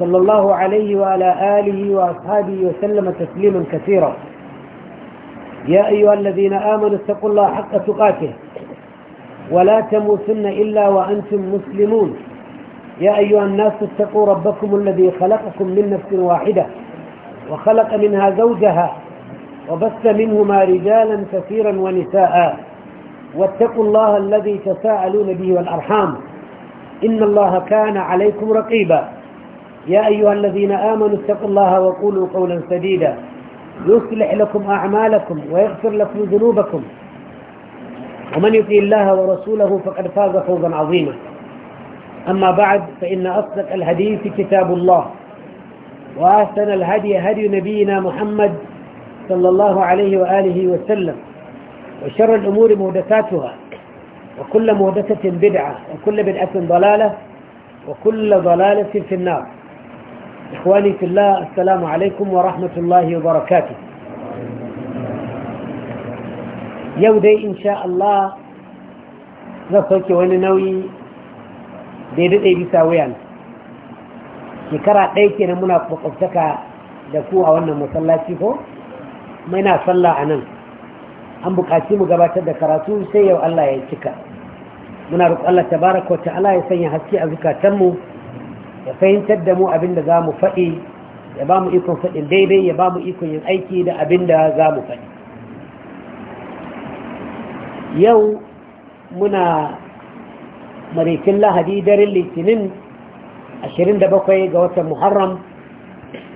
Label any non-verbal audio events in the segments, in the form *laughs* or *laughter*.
صلى الله عليه وعلى آله وأصحابه وسلم تسليما كثيرا يا أيها الذين آمنوا اتقوا الله حق تقاته ولا تموتن إلا وأنتم مسلمون يا أيها الناس اتقوا ربكم الذي خلقكم من نفس واحدة وخلق منها زوجها وبث منهما رجالا كثيرا ونساء واتقوا الله الذي تساءلون به والأرحام إن الله كان عليكم رقيبا يا أيها الذين آمنوا اتقوا الله وقولوا قولا سديدا يصلح لكم أعمالكم ويغفر لكم ذنوبكم ومن يطيع الله ورسوله فقد فاز فوزا عظيما أما بعد فإن أصدق الحديث كتاب الله وأحسن الهدي هدي نبينا محمد صلى الله عليه وآله وسلم وشر الأمور مهدساتها وكل مهدسة بدعة وكل بدعة ضلالة وكل ضلالة في النار إخواني في الله السلام عليكم ورحمة الله وبركاته يودي إن شاء الله نصوك وانا نوي ديدت اي بيساويان shekara ɗaya kenan na muna kwakwabtaka da ku a wannan masallaci ko mai sallah a nan an buƙaci mu gabatar da karatu sai yau Allah ya cika muna roƙon Allah tabaraka wa ta'ala ya sanya haske a zukatanmu ya fahimtar da mu abin da za mu faɗi ya ba mu ikon faɗin daidai ya ba mu ikon yin aiki da abin da za mu faɗi yau muna marikin lahadi daren litinin 27 ga watan muharram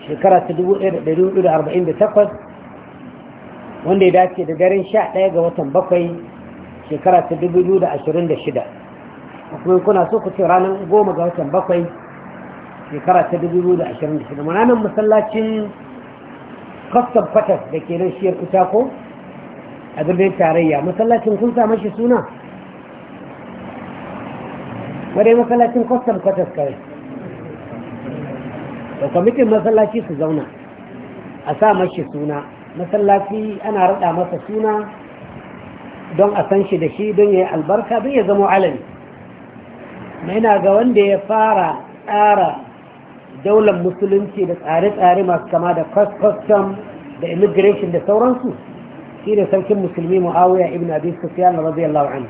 shekara ta 1448 wanda ya dace da daren 11 ga watan 7 shekara ta 2026 kuma kuna so ku ce ranar 10 ga watan 7 shekara ta 2026 mananan masallacin custom quarters da ke nan shiyar ko a birnin tarayya masallacin kun sa mashi suna wadai masallacin custom quarters kare da kwamitin masallaci su zauna a sa mashi suna masallaci ana rada masa suna don a san shi da shi don ya yi albarka don ya zama alami na ga wanda ya fara tsara daular musulunci da tsare-tsare masu kama da custom da immigration da sauransu shi da sarkin musulmi muawiya ibn abi sufyan radiyallahu anhu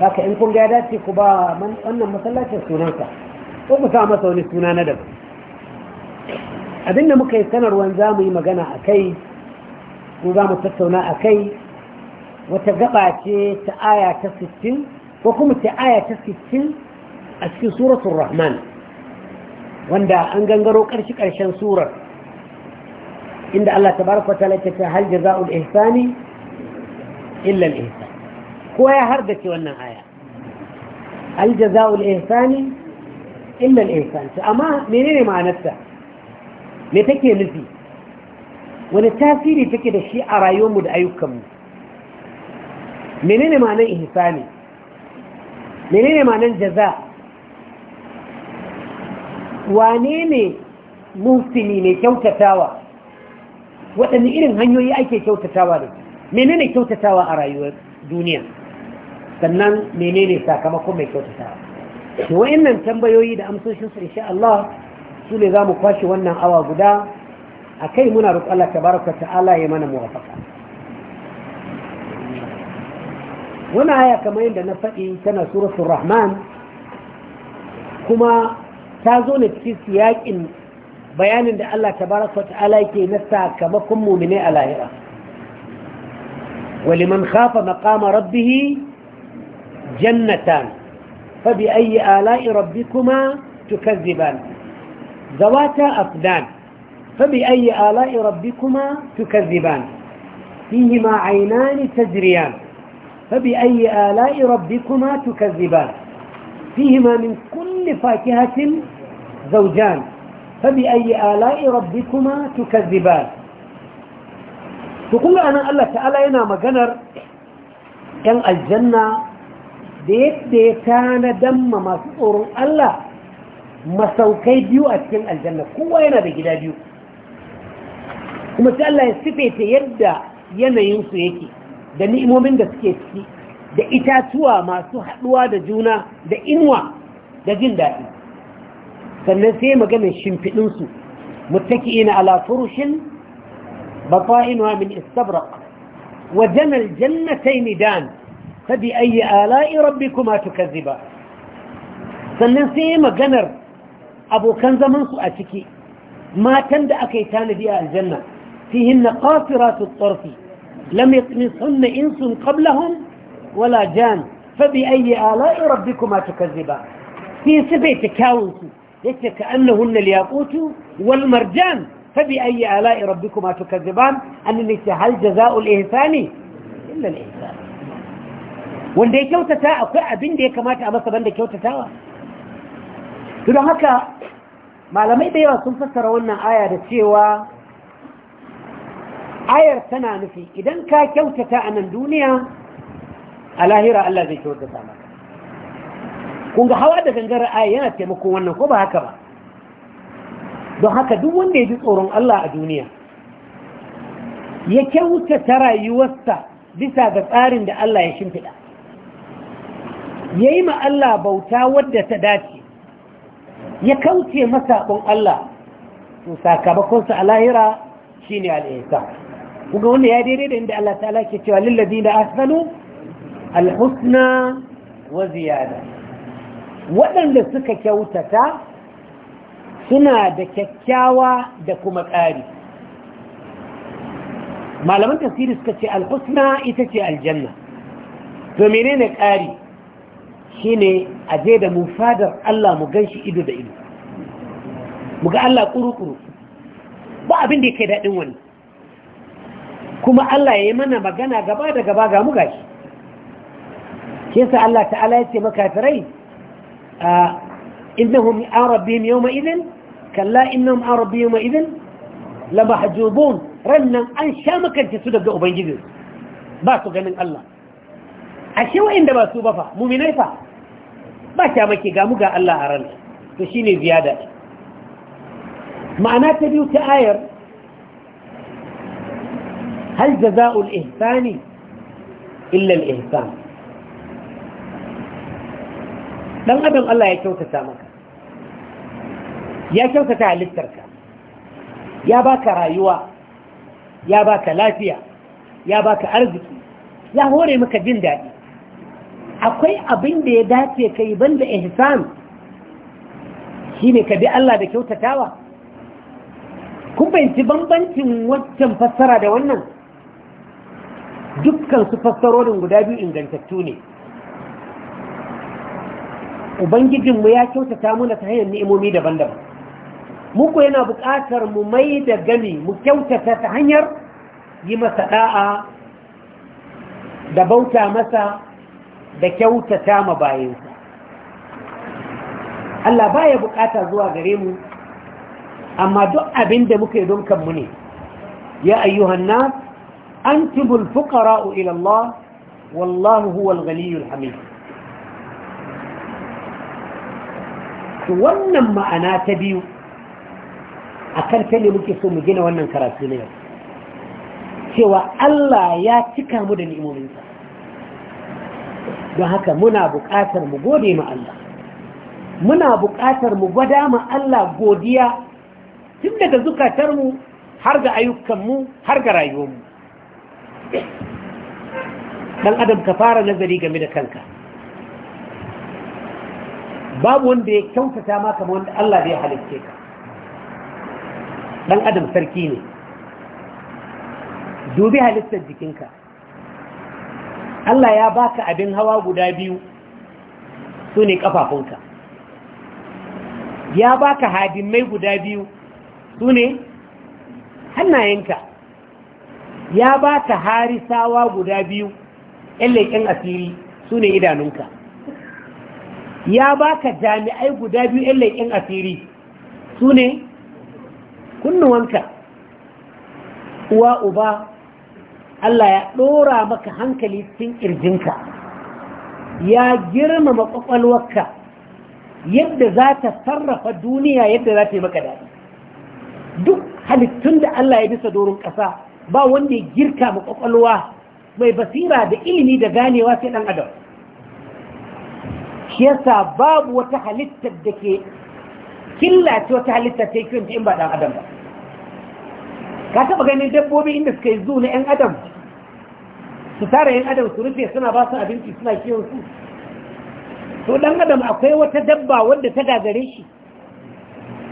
haka in kun ga dace ku ba wannan masallacin sunansa ko ku sa masa wani suna na daban abinda muka yi sanarwar za mu yi magana a kai ko za mu tattauna a kai wata gaba ce ta aya ta 60 ko kuma ta aya ta 60 a cikin suratul rahman wanda an gangaro ƙarshe ƙarshen surar inda Allah Ta ta'ala ke ta hal jazaa'ul ihsani illa al ihsan ko ya hardace wannan aya hal jazaa'ul ihsani illa al ihsan amma menene ma'anarta me take nufi wani tasiri take da shi a rayuwarmu da ayyukanmu menene ma'anar ihsani menene ma'anar jaza' wane ne muhsini ne kyautatawa waɗanne irin hanyoyi ake kyautatawa ne kyautatawa a rayuwar duniya sannan ne sakamakon mai kyautatawa to wayannan tambayoyi da amsoshinsu insha Allah su ne zamu kwashe wannan awa guda akai muna roƙon Allah tabaraka ta'ala ya mana muwafaqa wannan haya kamar yadda na faɗi tana suratul rahman kuma ta zo ne cikin siyakin bayanin تبارك وتعالى كي ta'ala yake na sakamakon mu'mini ولمن خاف مقام ربه جنتان فبأي آلاء ربكما تكذبان ذواتا أفدان فبأي آلاء ربكما تكذبان فيهما عينان تجريان فبأي آلاء ربكما تكذبان فيهما من كل فاكهة زوجان فبأي آلاء ربكما تكذبان تقول أنا الله تعالى ينا مقنر كان الجنة ديت ديتان دم مصور الله مسوكي بيو أتكين الجنة كوا ينا بجدا بيو kuma sai Allah ya sifaita yadda yanayinsu yake da ni'imomin da suke ciki da itatuwa masu haɗuwa da juna da inuwa da jin daɗi sannan sai maganin shimfiɗinsu Mutaki ina alafurushin bafa'inuwa min istabraq wajen aljannatai nidan ta bi ayi ala'i kuma tukazi ba sannan sai maganar abokan zamansu a ciki matan da aka yi tanadi a aljanna fi hin na ƙafira su tsorfi lamitin sun insun ƙablahun wala jan fa bi ayi ala'i kuma tukazi ba fi su kyawunsu yake ka annahunna liyaqutu wal marjan fabi ayi ala'i rabbikuma tukazziban annani hal jazaa'ul ihsani illa al ihsan wanda ya kyautata akwai abin da ya kamata a masa banda kyautatawa don haka malamai da yawa sun fassara wannan aya da cewa ayar tana nufi idan ka kyautata a nan duniya a lahira Allah zai kyautata maka kun ga hawa da gangara aya yana taimakon wannan ko ba haka ba don haka duk wanda ya ji tsoron Allah a duniya ya kyauta ta rayuwarsa bisa ga tsarin da Allah ya shimfiɗa ya yi ma Allah bauta wadda ta dace ya kauce masa masaɓon Allah su sakamakonsa a lahira shi ne al'isa kuga wanda ya daidai da inda Allah ta ke cewa lullabi da asanu alhusna wa ziyada waɗanda suka kyautata suna da kyakkyawa da kuma ƙari malaman tasiri suka ce alhusna ita ce aljanna to menene ƙari shi ne a je da mufadar Allah mu gan shi ido da ido mu ga Allah ƙuru-ƙuru. ba abin da yake daɗin wani kuma Allah ya yi mana magana gaba da gaba ga mu gashi shi sa Allah ta'ala ya ce makafirai إنهم عن ربهم يومئذ كلا إنهم عن ربهم يومئذ لمحجوبون رنا أن شامك أنت سودك أبين جديد باسو غنن الله ashe wa'inda ba su ba fa muminai fa ba ta make ga muga Allah a ran, to shine ziyada ma'ana ta biyu ta ayar hal jaza'ul ihsani illa al dan adam Allah ya kyautata maka ya kyautata halittarka ya baka rayuwa ya baka lafiya ya baka arziki ya hore maka jin daɗi akwai abin da ya dace ka yi banda ihsan shi ne ka bi Allah da kyautatawa kun fahimci bambancin waccan fassara da wannan dukkan su fassarorin guda biyu ingantattu ne ubangijinmu ya kyautata muna ta hanyar ni'imomi daban-daban muku yana buƙatar mu mai da gani mu kyautata ta hanyar yi masa ɗa'a da bauta masa da kyautata ma bayansa Allah baya buƙata zuwa gare mu amma duk abin da muka yi don kanmu ne ya ayyuhan nas antumul fuqara'u ila wallahu huwal ghaniyyul hamid su wannan ma'ana ta biyu a kan ne muke so mu gina wannan karatu na yau cewa Allah ya cika mu da ni'imominsa don haka muna buƙatar mu gode ma Allah muna buƙatar mu gwada ma Allah godiya tun daga mu har ga ayyukanmu har ga rayuwarmu Ɗan adam ka fara nazari game da kanka babu wanda ya kyautata ma kamar wanda Allah bai halicce ka dan adam sarki ne dubi halittar jikinka Allah ya baka abin hawa guda biyu su ne kafafunka ya baka hadimai guda biyu su hannayenka ya baka harisawa guda biyu 'yan leƙen asiri sune idanunka ya ba ka jami'ai guda biyu yan leƙen asiri su ne kunnuwanka uwa uba Allah ya ɗora maka hankali cikin ƙirjinka ya girmama ƙwaƙwalwarka yadda za ta sarrafa duniya yadda za ta yi maka daɗi duk halittun da Allah ya bisa dorin ƙasa ba wanda ya girka maƙwaƙwalwa mai basira da ilimi da ganewa sai ɗan adam shi yasa babu wata halittar da ke killace wata halittar ta yi in ba ɗan adam ba ka taɓa ganin dabbobi inda suka yi zu na 'yan adam su tara 'yan adam su rufe suna ba su abinci suna kiyon su to ɗan adam akwai wata dabba wadda ta gagare shi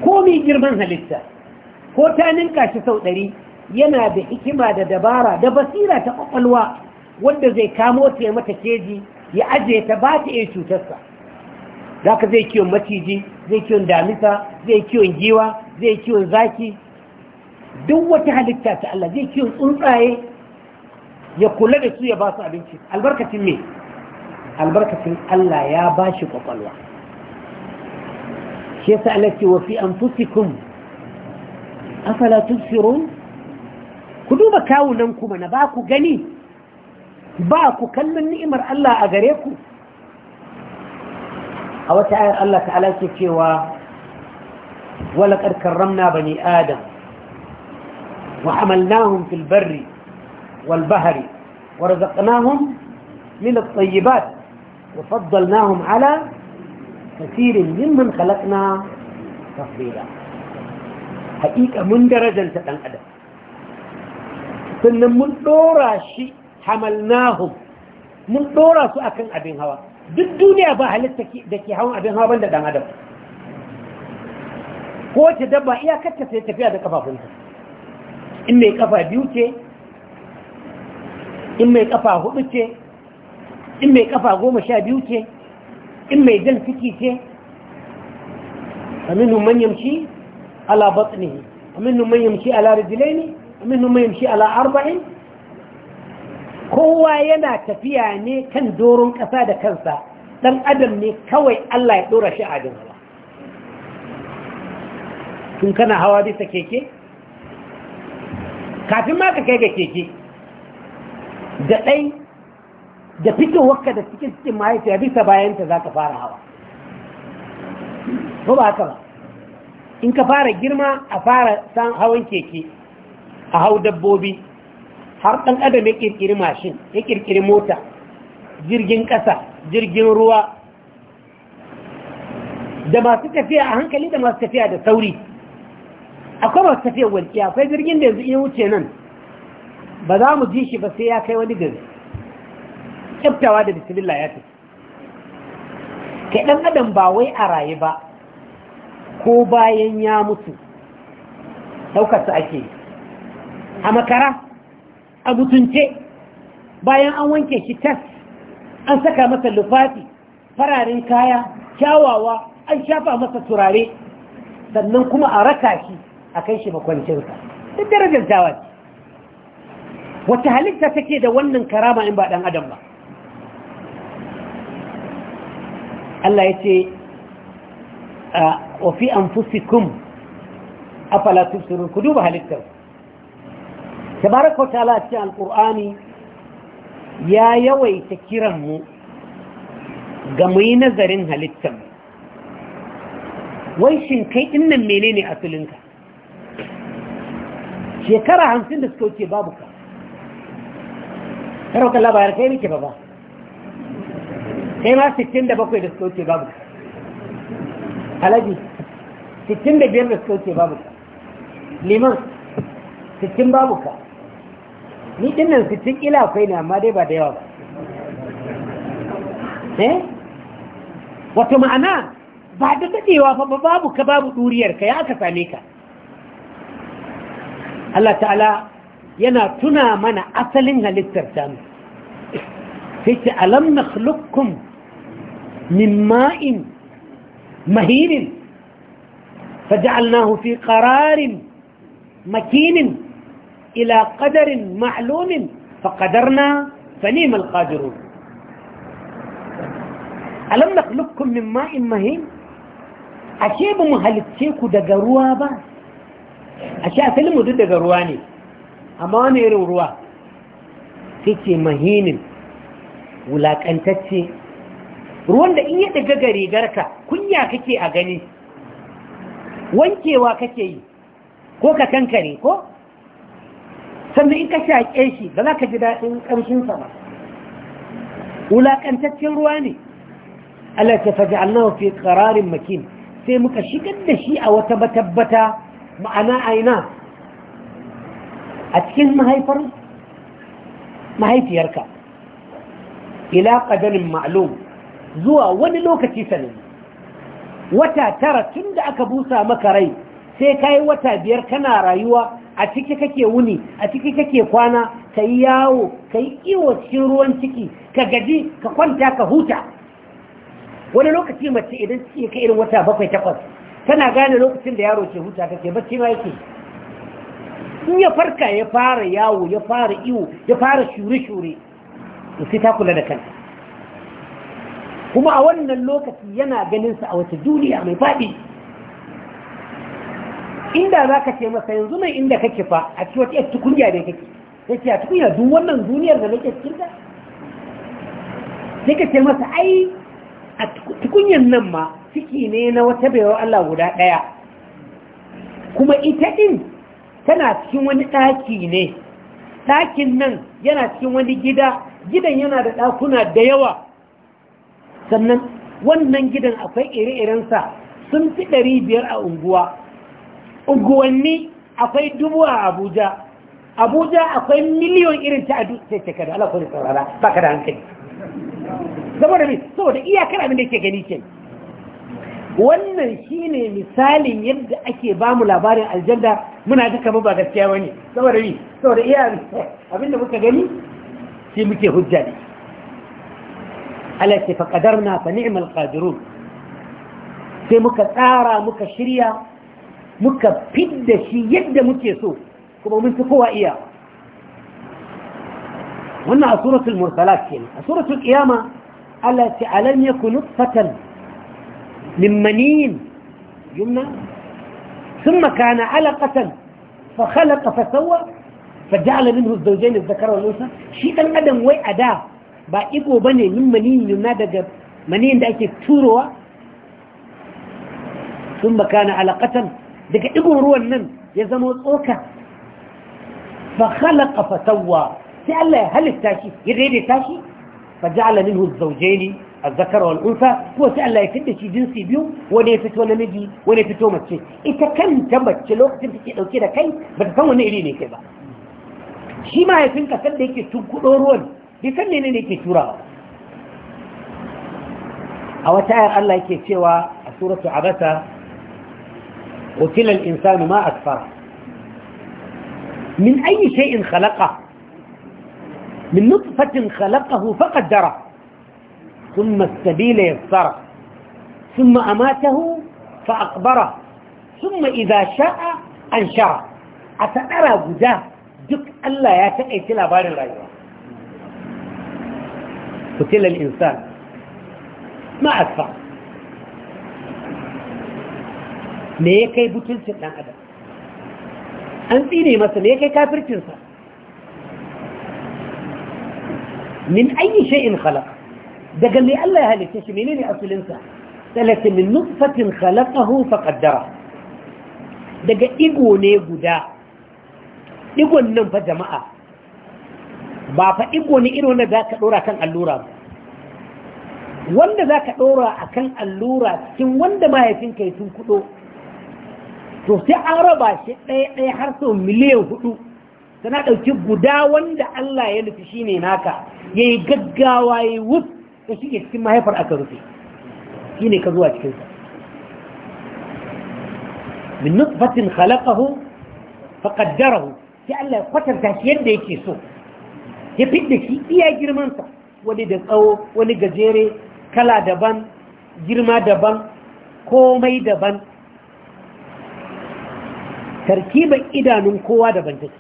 ko mai girman halitta ko ta ninka shi sau ɗari yana da hikima da dabara da basira ta ƙwaƙwalwa wadda zai kamo ta mata keji ya ajiye ta ba ta iya cutarsa za ka zai kiwon maciji zai kiwon damisa zai kiwon giwa zai kiwon zaki duk wata halitta ta Allah zai kiwon tsuntsaye ya kula da su ya ba su abinci albarkacin me albarkacin Allah ya ba shi kwakwalwa shi yasa Allah ce wa fi anfusikum afala tubsirun ku duba kawunan kuma na ba ku gani ba ku kallon ni'imar Allah a gare ku a wata ayar Allah ta'ala ke cewa walaƙar karramna bani adam wa hamalnahum fil barri wal bahri wa razaqnahum min at-tayyibat wa faddalnahum ala kathirin mimman khalaqna tafdila haƙiƙa mun darajanta ɗan adam sannan mun ɗora shi hamalnahum mun ɗora su akan abin hawa duk duniya ba halitta da ke hawan abin hawan da dan adam ko wace dabba iyakarta sai tafiya da kafafunta in mai kafa biyu ce in mai kafa hudu ce in mai kafa goma sha biyu ce in mai jan ciki ce aminun man yamshi ala batnihi aminun manyan shi ala rijlaini aminun manyan shi ala arba'in kowa yana tafiya ne kan doron ƙasa da kansa ɗan adam ne kawai Allah ya ɗora shi a ba tun kana hawa bisa keke kafin ma ka kai ga keke da ɗai da fitowarka da cikin cikin mahaifiya bisa bayanta za ka fara hawa ko ba haka ba in ka fara girma a fara san hawan keke a hau dabbobi har ɗan adam ya ƙirƙiri mashin ya ƙirƙiri mota jirgin ƙasa jirgin ruwa da masu tafiya a hankali da masu tafiya da sauri akwai masu tafiya walƙiya akwai jirgin da yanzu iya wuce nan ba za mu ji shi ba sai ya kai wani gari kyaftawa da bisimila ya tafi kai ɗan adam ba wai a rayu ba ko bayan ya mutu ɗaukarsa ake a makara a mutunce bayan an wanke shi tas an saka masa lufafi fararin kaya kyawawa an shafa masa turare sannan kuma a raka shi a kai shi makwancinsa duk darajar jawa ce wata halitta take da wannan karama in ba ɗan adam ba Allah ya ce ah, wa fi a falatun tusirun ku duba halittar tabaraka ta'ala cikin Alƙur'ani ya yawaita kiranmu ga mu yi nazarin halittar wai shin kai dinnan menene asalinka shekara hamsin da suka wuce babu ka karauka labarar kai nake ba ba kai ma sittin da bakwai da suka wuce babu ka alaji sittin da biyar da suka wuce babu ka liman sittin babu ka ni dinnan sittin ila kai ne amma dai ba da yawa ba eh wato ma'ana ba da dadewa fa ba babu ka babu duriyar ka ya aka same ka Allah ta'ala yana tuna mana asalin halittar ta mu sai ce alam nakhluqukum min ma'in mahirin faj'alnahu fi qararin makinin ila qadarin ma'lumin fa qadarna fa ni'mal qadirun alam nakhluqukum min ma'in mahin ashe ba mu halicce ku daga ruwa ba ashe asalin mu daga ruwa ne amma wani irin ruwa sai mahinin wulakantacce ruwan da in ya daga garigarka kunya kake a gani wankewa kake yi ko ka kankare ko sannan in ka shaƙe shi ba za ka ji daɗin ƙamshinsa ba wulaƙantaccen ruwa ne Allah ta faji Allah fi ƙararin makin sai muka shigar da shi a wata matabbata ma'ana aina a cikin mahaifar mahaifiyarka ila ƙadarin ma'alum zuwa wani lokaci sanin wata tara tun da aka busa maka rai sai ka yi wata biyar kana rayuwa a ciki kake wuni a ciki kake kwana ka yi yawo ka yi iwo cikin ruwan ciki ka gaji ka kwanta ka huta wani lokaci mace idan ciki ka irin wata bakwai takwas tana gane lokacin da yaro ke huta ke bacci ma yake in ya farka ya fara yawo ya fara iwo ya fara shure-shure to sai ta kula da kanta kuma a wannan lokaci yana ganin sa a wata duniya mai faɗi inda za ka ce masa yanzu mai inda kake fa a ci wata yadda tukunya ne kake ya ce a duk wannan duniyar da nake cikin ta ka ce masa ai a tukunyar nan ma ciki ne na wata baiwa Allah guda ɗaya kuma ita din tana cikin wani ɗaki ne ɗakin nan yana cikin wani gida gidan yana da ɗakuna da yawa sannan wannan gidan akwai ire-irensa sun fi ɗari biyar a unguwa unguwanni akwai dubu a abuja abuja akwai miliyon irin ta adu sai ce kada alakwai saurara ba ka da hankali saboda mai saboda iyakar abin da ke gani ke wannan shi ne misalin yadda ake ba mu labarin aljanda muna duka mu ba gaskiya wani saboda mai saboda iya abin da muka gani shi muke hujja ne alaƙi faƙadar na fa ni'mal qadirun sai muka tsara muka shirya muka fidda shi yadda muke so kuma mun fi kowa iya wannan a suratul mursalat kenan a suratul qiyama Allah ta alam yakun nutfatan min maniyin yumna ثم كان علقة فخلق فسوى فجعل منه الزوجين الذكر unsa shi dan adam wai ada ba igo bane min maniyin yumna daga manin da ake turowa ثم كان علاقه daga ɗigon ruwan nan ya zama tsokar. fa halaka fasawa sai Allah ya halitta shi ya daidaita shi fa ja'ala minhu zawjaini azzakara wal unsa sai Allah ya fitta shi jinsi biyu wani ya fito namiji wani ya fito mace ita kanta mace lokacin da ɗauke da kai Bata ta san wani iri ne kai ba shi ma ya fin da yake tunkuɗo ruwan bi ne ne ke turawa a wata 'yar Allah yake cewa a suratul abasa قتل الإنسان ما أكثره من أي شيء خلقه من نطفة خلقه فقدره ثم السبيل يسر ثم أماته فأقبره ثم إذا شاء أنشره أتأرى جداه جك ألا تلا بار الرجوة قتل الإنسان ما أكثره me ya kai butulcin ɗan adam an tsine masa me ya kai kafircinsa min ayi shay'in khalaq daga me Allah ya halitta shi menene asalinsa talaka min nutfatin khalaqahu fa qaddara daga igo ne guda igon nan fa jama'a ba fa igo ne irin wanda ka ɗora kan allura ba wanda ɗora a kan allura cikin wanda mahaifinka yi tun kudo to sai an raba shi ɗaya ɗaya har sau miliyan hudu tana ɗauki guda wanda Allah ya nufi shi ne naka ya yi gaggawa ya yi wuf da shi ke cikin mahaifar aka rufe shi ne ka zuwa cikinsa min nutfatin khalaqahu faqaddarahu sai Allah ya kwatanta shi yadda yake so ya fidda shi iya girmansa wani da tsawo wani gajere kala daban girma daban komai daban tarkiban idanun kowa daban take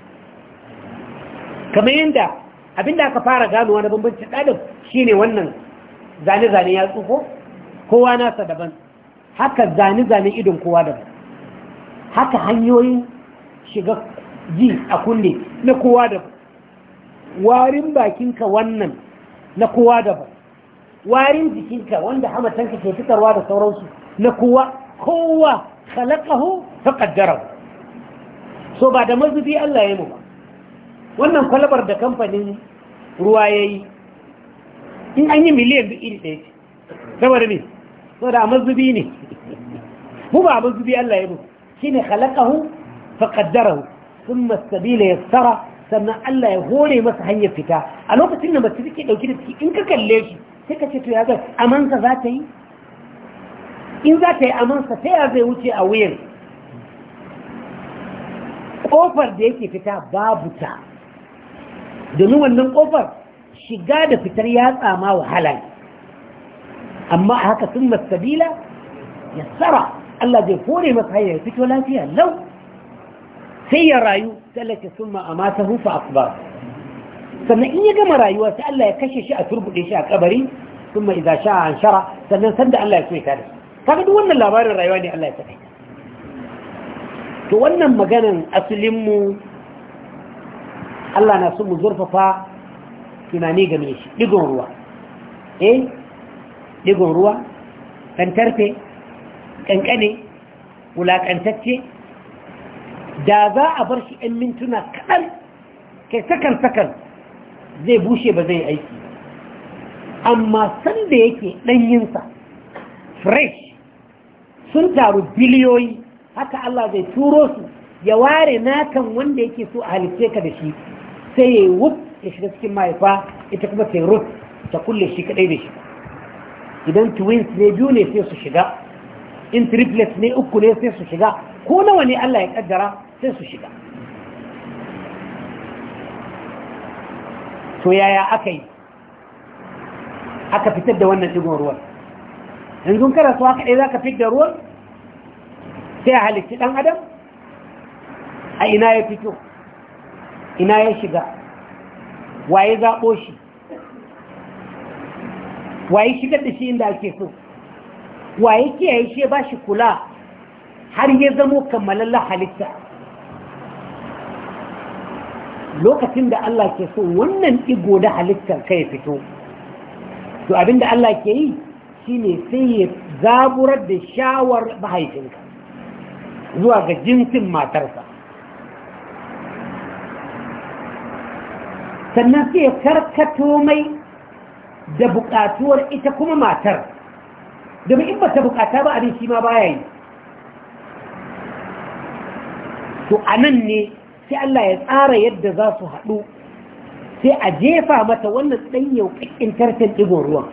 kamar yadda abinda aka fara ganowa na bambancin shi shine wannan zane-zane ya tsuko kowa nasa daban haka zane-zane idon kowa daban haka hanyoyin shiga ji a kunne na kowa daban warin bakinka wannan na kowa daban warin jikinka wanda hamatanka ke fitarwa da sauransu na kowa kowa ta faqaddarahu so ba da mazubi Allah ya mu ba wannan kwalabar da kamfanin ruwa ya yi in an yi miliyan duk iri ɗaya saboda ne so da mazubi ne mu ba mazubi Allah ya mu shi ne halakahu faƙaddarahu sun masabila ya tsara sannan Allah ya hore masa hanyar fita a lokacin da mace take ɗauki da ciki in ka kalle shi sai ka ce to ya ga amansa za ta yi in za ta yi amansa ta ya zai wuce a wuyan ƙofar da yake fita babu ta domin wannan ƙofar shiga da fitar ya tsama wahala ne amma a haka sun masabila ya tsara Allah zai kore masa hanyar fito lafiya lau sai ya rayu tsallake sun ma'ama ta hufa akbar sannan in ya gama rayuwa sai Allah ya kashe shi a turbuɗe shi a kabari sun ma iza sha an shara sannan sanda Allah ya so ya tada kaga duk wannan labarin rayuwa ne Allah ya saka to wannan maganan asalinmu Allah na so mu zurfafa tunani ga shi digon ruwa eh digon ruwa kantarfe kankane wulakantacce da za a bar shi 'yan mintuna kaɗan kai sakan-sakan zai bushe ba zai aiki amma sanda yake ɗanyinsa fresh sun taru biliyoyi haka Allah zai turo su ya ware nakan wanda yake so a halice ka da shi sai ya wuf ya shiga cikin mahaifa ita kuma sai rut ta kulle shi kadai da shi idan twins ne biyu ne sai su shiga in ne uku ne sai su shiga ko nawa ne Allah ya kaddara sai su shiga to yaya aka yi aka fitar da wannan digon ruwan yanzu kana so haka ɗaya za ka fitar da ruwan sai a halitti ɗan adam a ina ya fito ina ya shiga waye zaɓo shi waye shigar da shi inda ake so waye kiyaye shi ba shi kula har ya zamo kammalalla halitta lokacin da Allah ke so wannan igo da halittar kai fito to abinda Allah ke yi shine sai ya zaburar da shawar mahaifinka zuwa ga jinsin matarsa sannan sai karkato mai da bukatuwar ita kuma matar domin in ba ta bukata ba abin shi ma baya yi to a nan ne sai Allah ya tsara yadda za su haɗu sai a jefa mata wannan ɗan ƙaƙƙin tartan ɗigon ruwan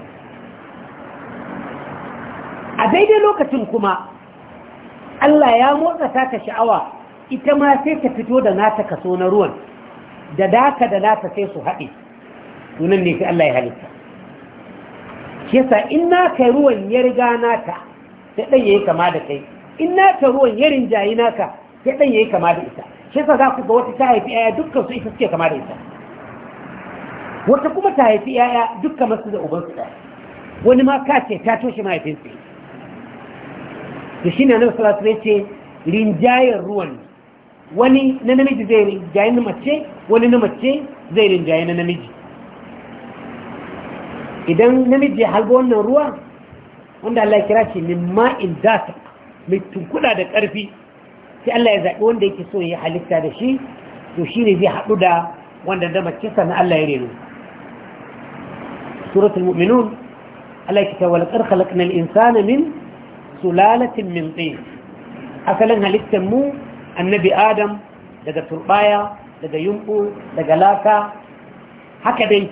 a daidai lokacin kuma Allah ya motsa ta ka sha'awa ita ma sai ta fito da nata kaso na ruwan da daka da nata sai su haɗe tunan ne sai Allah ya halitta shi in naka ruwan ya riga nata sai ɗan yi kama da kai in naka ruwan ya rinjayi naka sai ɗan ya yi kama da ita shi za ku ga wata ta haifi yaya dukkan su ita suke kama da ita wata kuma ta haifi yaya dukkan masu da ubansu ɗaya wani ma ka ce ta toshe mahaifinsu da shi ne na salatu ne ce rinjayen ruwan wani na namiji zai rinjaye na mace wani na mace zai rinjaye na namiji idan namiji ya halba wannan ruwa wanda Allah ya kira shi min ma'in dasa mai tunkuda da ƙarfi sai Allah ya zaɓi wanda yake so ya halitta da shi to shi ne zai haɗu da wanda da mace sannan Allah ya renu suratul mu'minun Allah ya kita wal qad khalaqna insana min sulalatin min tsaye asalin halittar mu annabi adam daga turbaya daga yumɓu daga laka haka dai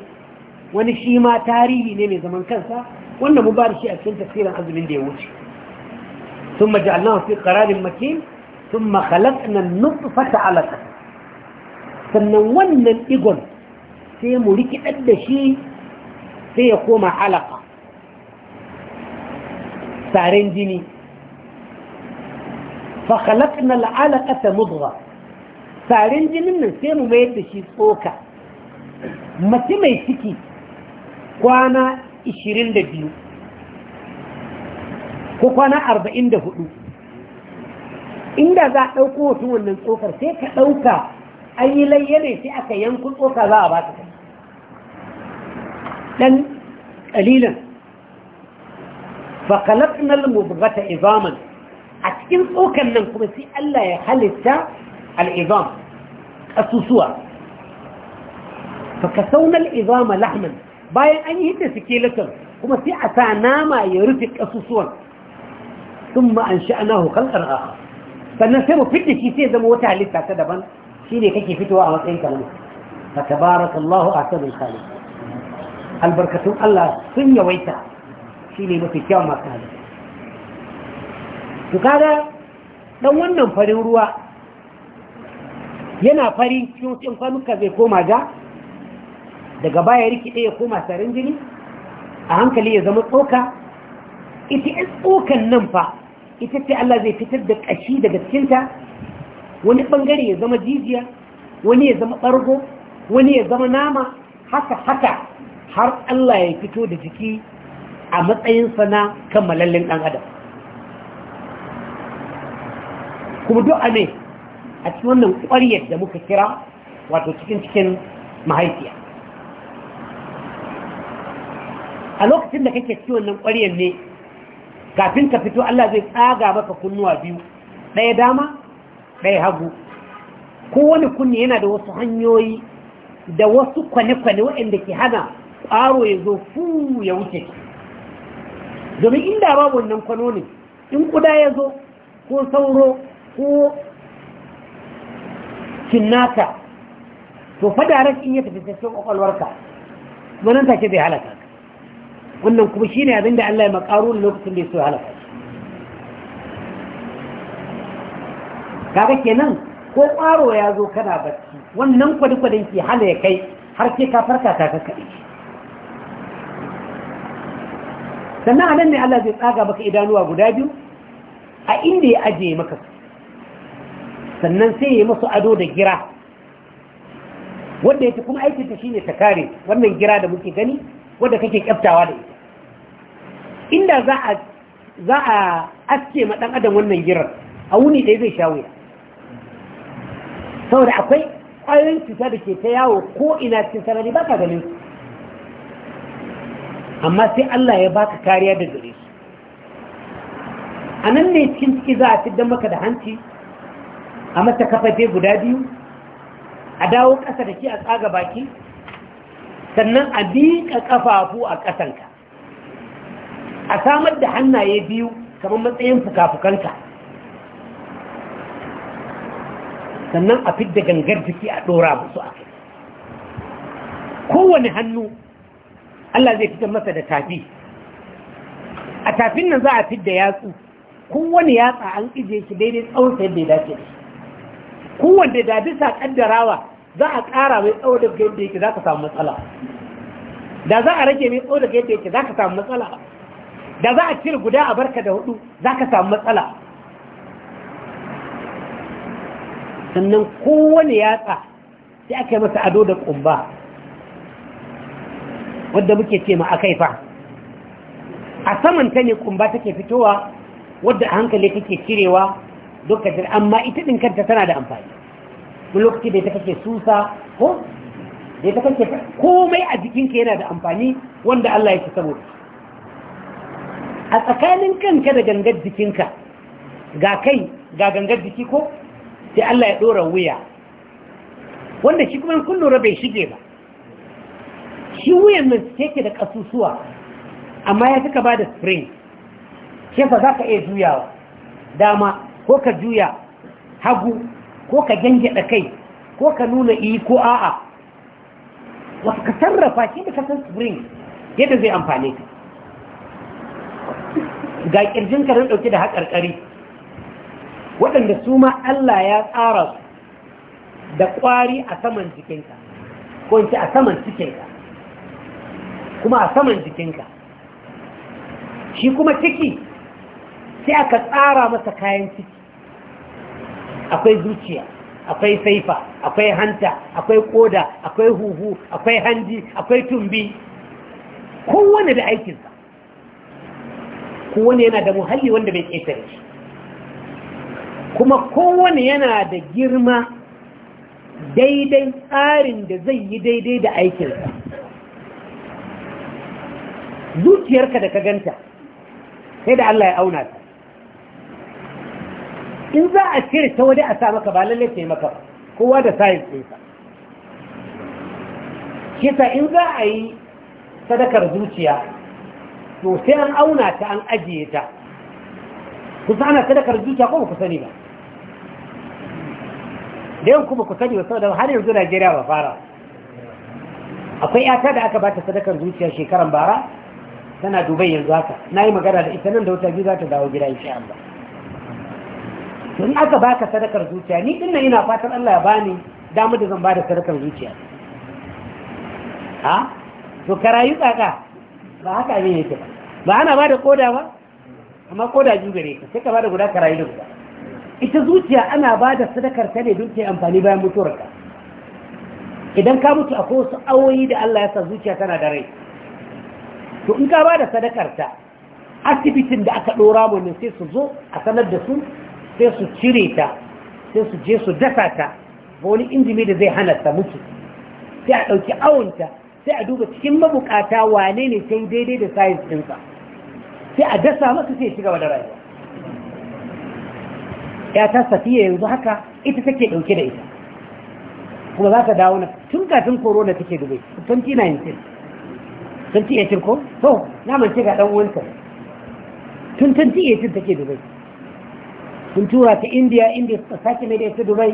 wani shi ma tarihi ne mai zaman kansa wannan mu ba da shi a cikin tafsirin azumin da ya wuce sun maja'allahu fi ƙararin makin sun makalatsanan alaƙa sannan wannan igon sai mu rikidar da shi sai ya koma alaƙa tsarin jini fa khalaqna al'alaqata mudgha tsarin jinin nan sai mu mayar da shi tsoka mace mai ciki kwana 22 ko kwana 44 inda za a ɗauko hoton wannan tsokar sai ka ɗauka an yi layyane sai aka yankun tsoka za a ba ta ɗan ƙalilan فخلقنا المضغة عظاما أتكين أوكا من سي ألا يخلص العظام السوسوة فكسونا العظام لحما باين أن يتسكي سكيلة كما سي أسعناما يرفق السوسوة ثم أنشأناه خلقا آخر فالنسير فتن شيء زم لسا كدبا شيني كيكي فتوى وإنك كلمة فتبارك الله أحسن الخالق البركة الله سن يويتها shi ne mafi kyawun masu hali to dan wannan farin ruwa yana fari cikin kwanuka zai koma ja daga baya rikide ya koma sarin jini a hankali ya zama tsoka ita yan tsokan nan fa ita ce Allah zai fitar da ƙashi daga cikinta wani ɓangare ya zama jijiya wani ya zama ɓargo wani ya zama nama haka haka har Allah ya fito da jiki a matsayinsa na kammalallin ɗan adam kuma duk ne a cikin wannan ƙwaryar da muka kira wato cikin cikin mahaifiya a lokacin da kake cikin wannan ƙwaryar ne kafin ka fito Allah zai tsaga maka kunnuwa biyu ɗaya dama ɗaya hagu kowane kunni yana da wasu hanyoyi da wasu kwane-kwane waɗanda ke hana ƙwaro ya zo fu ya wuce ki domin inda babu wannan kwano ne in kuda ya zo ko sauro ko cinnaka to fadarar in ya tafi cikin kwakwalwarka wannan take zai halaka wannan kuma shine abin da Allah ya makaru lokacin da ya so halaka kaga kenan ko kwaro ya zo kana bacci wannan kwadikwadin ke hana ya kai har sai ka farka ta kakkaɗe sannan a nan ne Allah zai tsaga maka idanuwa guda biyu a inda ya ajiye maka sannan sai ya yi masu ado da gira wanda ya kuma aikinta shi ne ta kare wannan gira da muke gani wadda kake kyaftawa da ita inda za a aske ma dan adam wannan girar a wuni ɗaya zai sha saboda akwai ƙwayoyin cuta da ke ta yawo ko ina cikin sarari ba ka ganin su amma sai Allah ya baka kariya da gare su a nan ne cikin ciki za a fidda maka da hanci a mata kafafe guda biyu a dawo ƙasa da ke a tsaga baki sannan a biƙa ƙafafu a ƙasanka a samar da hannaye biyu kamar matsayin fuka sannan a fidda gangar jiki a ɗora musu a kai kowane hannu Allah zai fitar masa da tafi a tafin nan za a fidda yatsu kowane yatsa an ije shi daidai tsawon sai yadda ya dace da shi kowanne da bisa kaddarawa za a ƙara mai tsawo daga yadda yake za ka samu matsala da za a rage mai tsawo daga yadda yake za ka samu matsala da za a cire guda a barka da hudu za ka samu matsala sannan kowane yatsa sai aka yi masa ado da ƙumba wadda muke ce ma akai fa a saman ta ne kumba take fitowa wadda a hankali take cirewa duka jir amma ita din kanta tana da amfani mu lokaci da ita kake susa ko da ita kake komai a jikinka yana da amfani wanda Allah ya ci saboda a tsakanin kanka da gangar jikinka ga kai ga gangar jiki ko sai Allah ya dora wuya wanda shi kuma kun lura bai shige ba shi wuyan nan yake da kasusuwa amma ya suka ba da spring kefa za ka iya juyawa dama ko ka juya hagu ko ka da kai ko ka nuna iyi ko a'a wasu ka sarrafa shi da kasan spring yadda zai amfane ka ga ƙirjinka don ɗauke da haƙarƙari waɗanda su ma Allah ya tsara da ƙwari a saman jikinka ko in a saman cikinka kuma a saman jikinka shi kuma ciki sai aka tsara masa kayan ciki akwai zuciya akwai saifa akwai hanta akwai koda akwai huhu akwai hanji akwai tumbi kowane da aikinsa kowane yana da muhalli wanda bai ƙetare shi kuma kowane yana da girma daidai tsarin da zai yi daidai da aikinsa zuciyarka da ka ganta sai da Allah ya auna ta in za a cire ta wani a sa maka ba lalle ta maka ba, kowa da sayin ɗinsa shi ta in za a yi sadakar zuciya to sai an auna ta an ajiye ta kusa ana sadakar zuciya ko ba ku sani ba da yan kuma ku sani ba saboda har yanzu Najeriya ba fara akwai yata da aka bata sadakar zuciya shekaran bara tana dubai yanzu haka na yi magana da ita nan da wata biyu za ta dawo gida insha Allah in aka baka sadakar zuciya ni dinnan ina fatan Allah ya bani damu da zan bada sadakar zuciya ha to karayu tsaka ba haka abin yake ba ba ana bada koda ba amma koda biyu gare ka sai ka bada guda karayu da guda ita zuciya ana bada sadakar ta ne don ta amfani bayan mutuwarka idan ka mutu akwai wasu awoyi da Allah ya sa zuciya tana da rai to in ka ba da sadakarta asibitin da aka dora mu ne sai su zo a sanar da su sai su cire ta sai su je su dasa ta ba wani injimi da zai hana ta mutu sai a ɗauki awonta sai a duba cikin mabukata wane ne ta daidai da sayis ɗinsa sai a dasa masa sai shiga gaba da rayuwa ya ta safiya yanzu haka ita take ɗauke da ita kuma za ta dawo na tun kafin korona take dubai 2019 sun tiye cin ko to naman ce ga dan uwanta tun tun tiye cin take dubai sun tura ta India, India ta sake mai da ita dubai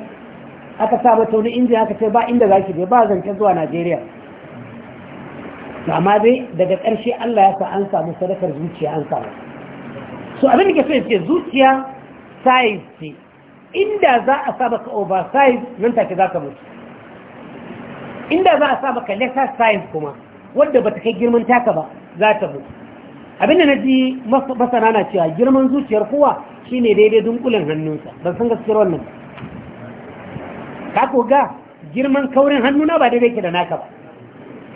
aka sa mata wani india aka ce ba inda za ki je ba zancen zuwa najeriya amma dai daga ƙarshe allah ya sa an samu sadakar zuciya an samu so abin da ke so ce zuciya size ce inda za a sa maka oversize nan take za ka mutu inda za a sa maka lesser size kuma wadda ba ta kai girman taka ba za ta mutu abinda na ji masana na cewa girman zuciyar kowa shine daidai dunkulen hannunsa ban san gaskiyar wannan ba ka ko ga girman kaurin hannuna ba daidai ke da naka ba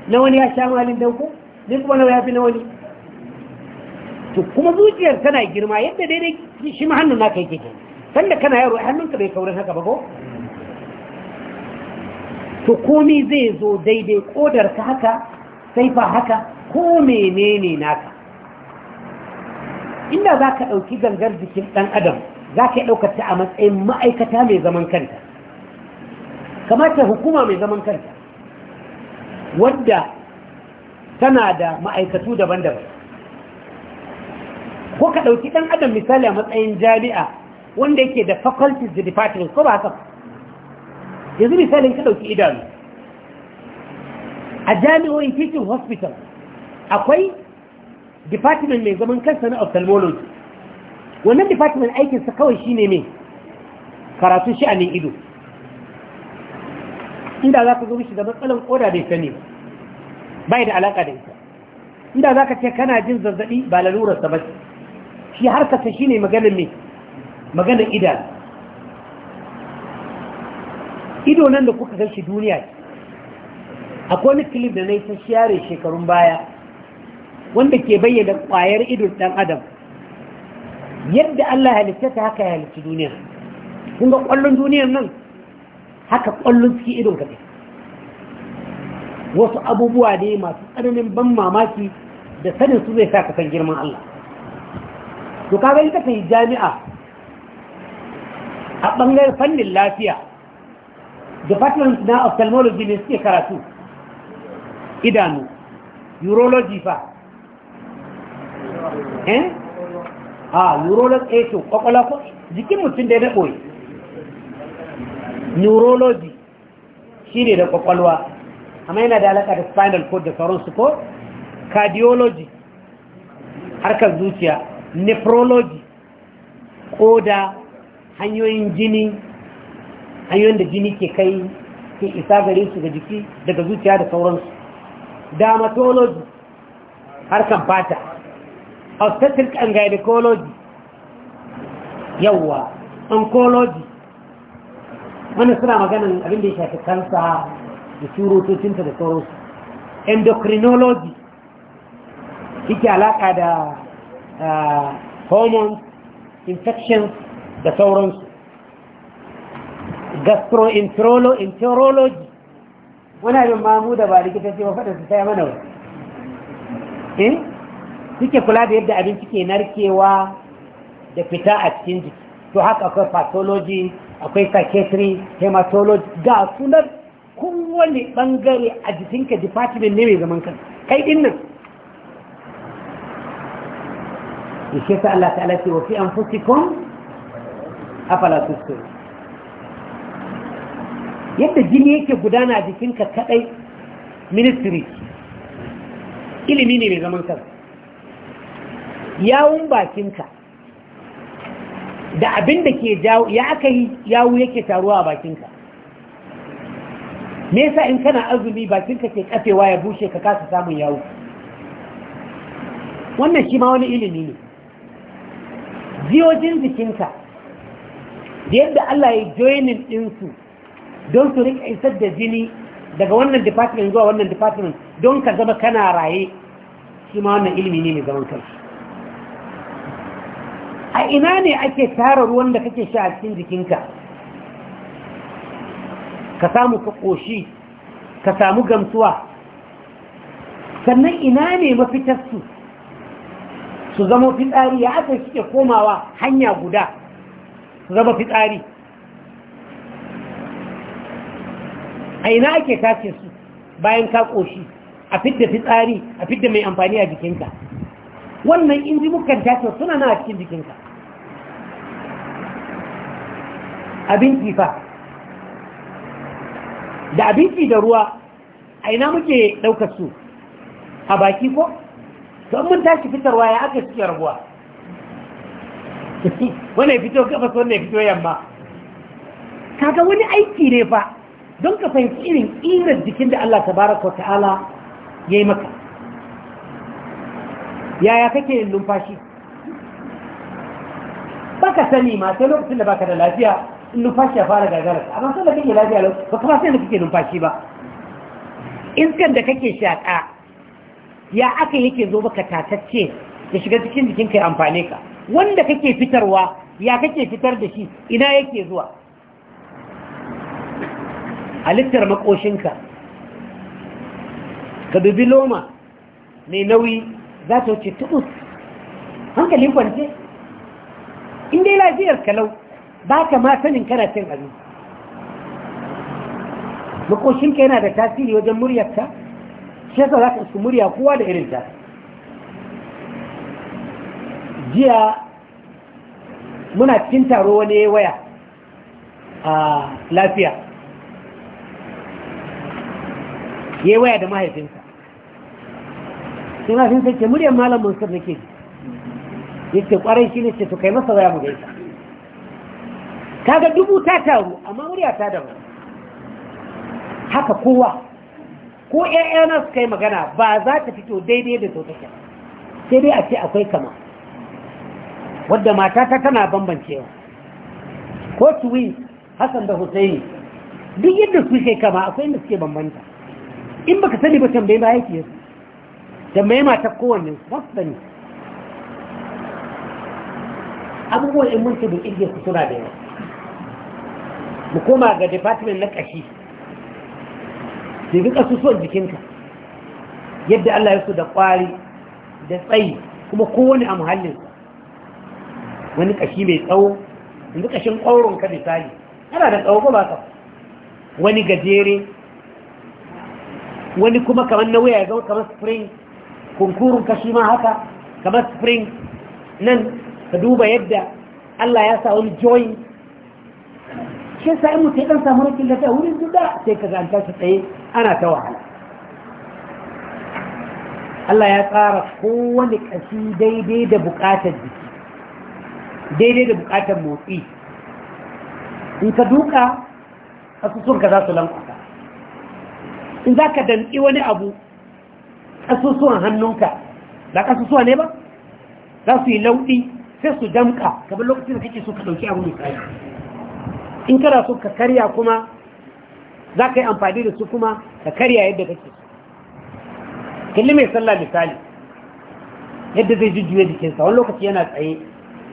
na wani ya sha malin dauko ni kuma nawa ya fi na wani to kuma zuciyar tana girma yadda daidai shi ma hannun naka yake ke sanda kana yaro hannunka bai kaurin haka ba ko to komi zai zo daidai kodar ka haka sai fa haka ko menene naka inda za ka ɗauki gangar jikin ɗan adam za ka ɗaukar ta a matsayin ma'aikata mai zaman kanta kamata hukuma mai zaman kanta wadda tana da ma'aikatu daban-daban ko ka ɗauki ɗan adam misali a matsayin jami'a wanda yake da faculties da departments ko ba haka yanzu misalin ka ɗauki idanu a jami'o'in teaching hospital akwai department mai zaman kansa na ophthalmology wannan department aikinsa kawai shine mai karatun sha'anin ido inda za ka zo mishi da matsalan koda bai sani ba bai da alaka da ita inda za ka ce kana jin zazzabi ba lalurarsa ba shi har kasa shi ne maganin mai maganin idan. ido nan da kuka gan shi duniya ce akwai wani kilif da na yi ta share shekarun baya wanda ke bayyana kwayar idon dan adam yadda Allah halitta ta haka ya halitta duniya kun ga kwallon duniyar nan haka kwallon cikin idon kaɗai wasu abubuwa ne masu tsananin ban mamaki da sanin su zai sa ka san girman Allah to kaga ita yi jami'a a ɓangaren fannin lafiya department na ophthalmology ne suke karatu idanu urology fa eh ah urology eh to kokola ko jikin mutum da ne daɓoye neurology shi ne da kokolwa amma yana da alaka da spinal cord da su ko cardiology harkar zuciya nephrology koda hanyoyin jini hanyoyin da jini ke kai ke isa gare su ga jiki daga zuciya da sauransu dermatology harkan fata obstetric and gynecology yawa oncology wani suna maganin abin da ya shafi kansa da surutocinta da sauransu endocrinology yake alaka da ah, hormones infections da sauransu gastroenterology wani abin ma mu da ba likitoci ba faɗin su sai mana wani in eh? suke kula da yadda abinci ke narkewa da fita a cikin jiki to haka akwai pathology akwai psychiatry hematology ga sunan kowane bangare a jikinka department ne mai zaman kan kai din nan ishe ta Allah ta'ala ce wa fi anfusikum afala tusirun yadda jini yake gudana a jikinka kadai ministry ilimi ne mai zaman kansa yawun bakinka da abin da ke jawo ya aka yi yawu yake taruwa a bakinka me yasa in kana azumi bakinka ke kafewa ya bushe ka kasa samun yawu wannan shi ma wani ilimi ne jiyojin jikinka da yadda Allah ya joinin ɗinsu don su rika isar da jini daga wannan department zuwa wannan department don ka zama kana raye shi ma wannan ilimi ne mai zaman kansu a ina ne ake tara ruwan da kake sha a cikin jikinka ka samu ka ƙoshi ka samu gamsuwa sannan ina ne mafitarsu su zama fitsari ya aka shi komawa hanya guda su zama fitsari a ina ake tace su bayan ka ƙoshi a fidda fitsari a fidda mai amfani a jikinka wannan in ji injimukan tace suna na a cikin jikinka abin kifa da abinci da ruwa a ina muke daukar su a baki ko don mun tashi fitarwa ya aka suke rabuwa *laughs* wane ya fito gabas wanda ya fito yamma kaga wani aiki ne fa don ka fahimci irin irin jikin da Allah tabaraka ta'ala ya yi maka yaya kake yin numfashi ba ka sani ma sai lokacin da baka da lafiya in numfashi ya fara gagara a sai da kake lafiya lau ba kuma sai da kake numfashi ba iskan da kake shaƙa ya aka yake zo baka tatacce ya shiga cikin jikin kai amfane ka wanda kake fitarwa ya kake fitar da shi ina yake zuwa halittar makoshinka ka dubi loma mai nauyi za ta wuce tukus hankalin kwance inda yi lafiyar kalau ba ka ma sanin kana cin makoshinka yana da tasiri wajen muryarka shi yasa za ka su murya kowa da irin ta jiya muna cikin taro wani waya a lafiya ya waya da mahaifinsa sai mahaifinsa ce muryar malam mansur ke ji ce kwarai shi ne ce to kai masa waya mu gaisa kaga dubu ta taru amma murya ta daban haka kowa ko ƴaƴana su kai magana ba za ta fito daidai da sau take sai dai a ce akwai kama wadda mata ta tana bambancewa ko tuwi hassan da Hussaini, duk yadda su ke kama akwai inda suke bambanta in baka sani ba tambayi ba yake yasu tambayi mata kowanne ba su sani abubuwan in mun bin irge su suna da yawa mu koma ga department na kashi daga kasusuwan jikinka yadda Allah ya su da kwari da tsayi kuma kowane a muhallinsa wani kashi mai tsawo wani kashin ƙauron ka misali yana da tsawo ba ka wani gajere wani kuma kamar na wuya ya zama kamar spring kunkurun kashi ma haka kamar spring nan ka duba yadda Allah ya sa wani join shi sa in mutum ɗan samu rikin lafiya wurin duda sai ka zanta shi tsaye ana ta wahala Allah ya tsara kowane kashi daidai da buƙatar jiki daidai da motsi in ka duka asusunka za su lankwasa in za ka danɗi wani abu ƙasusuwan hannunka ba ƙasusuwa ne ba za su yi lauɗi sai su damka kamar lokacin da kake so ka ɗauki abu misali in kana so ka karya kuma za ka yi amfani da su kuma ka karya yadda kake kalli mai sallah misali yadda zai jujjuya jikinsa wani lokaci yana tsaye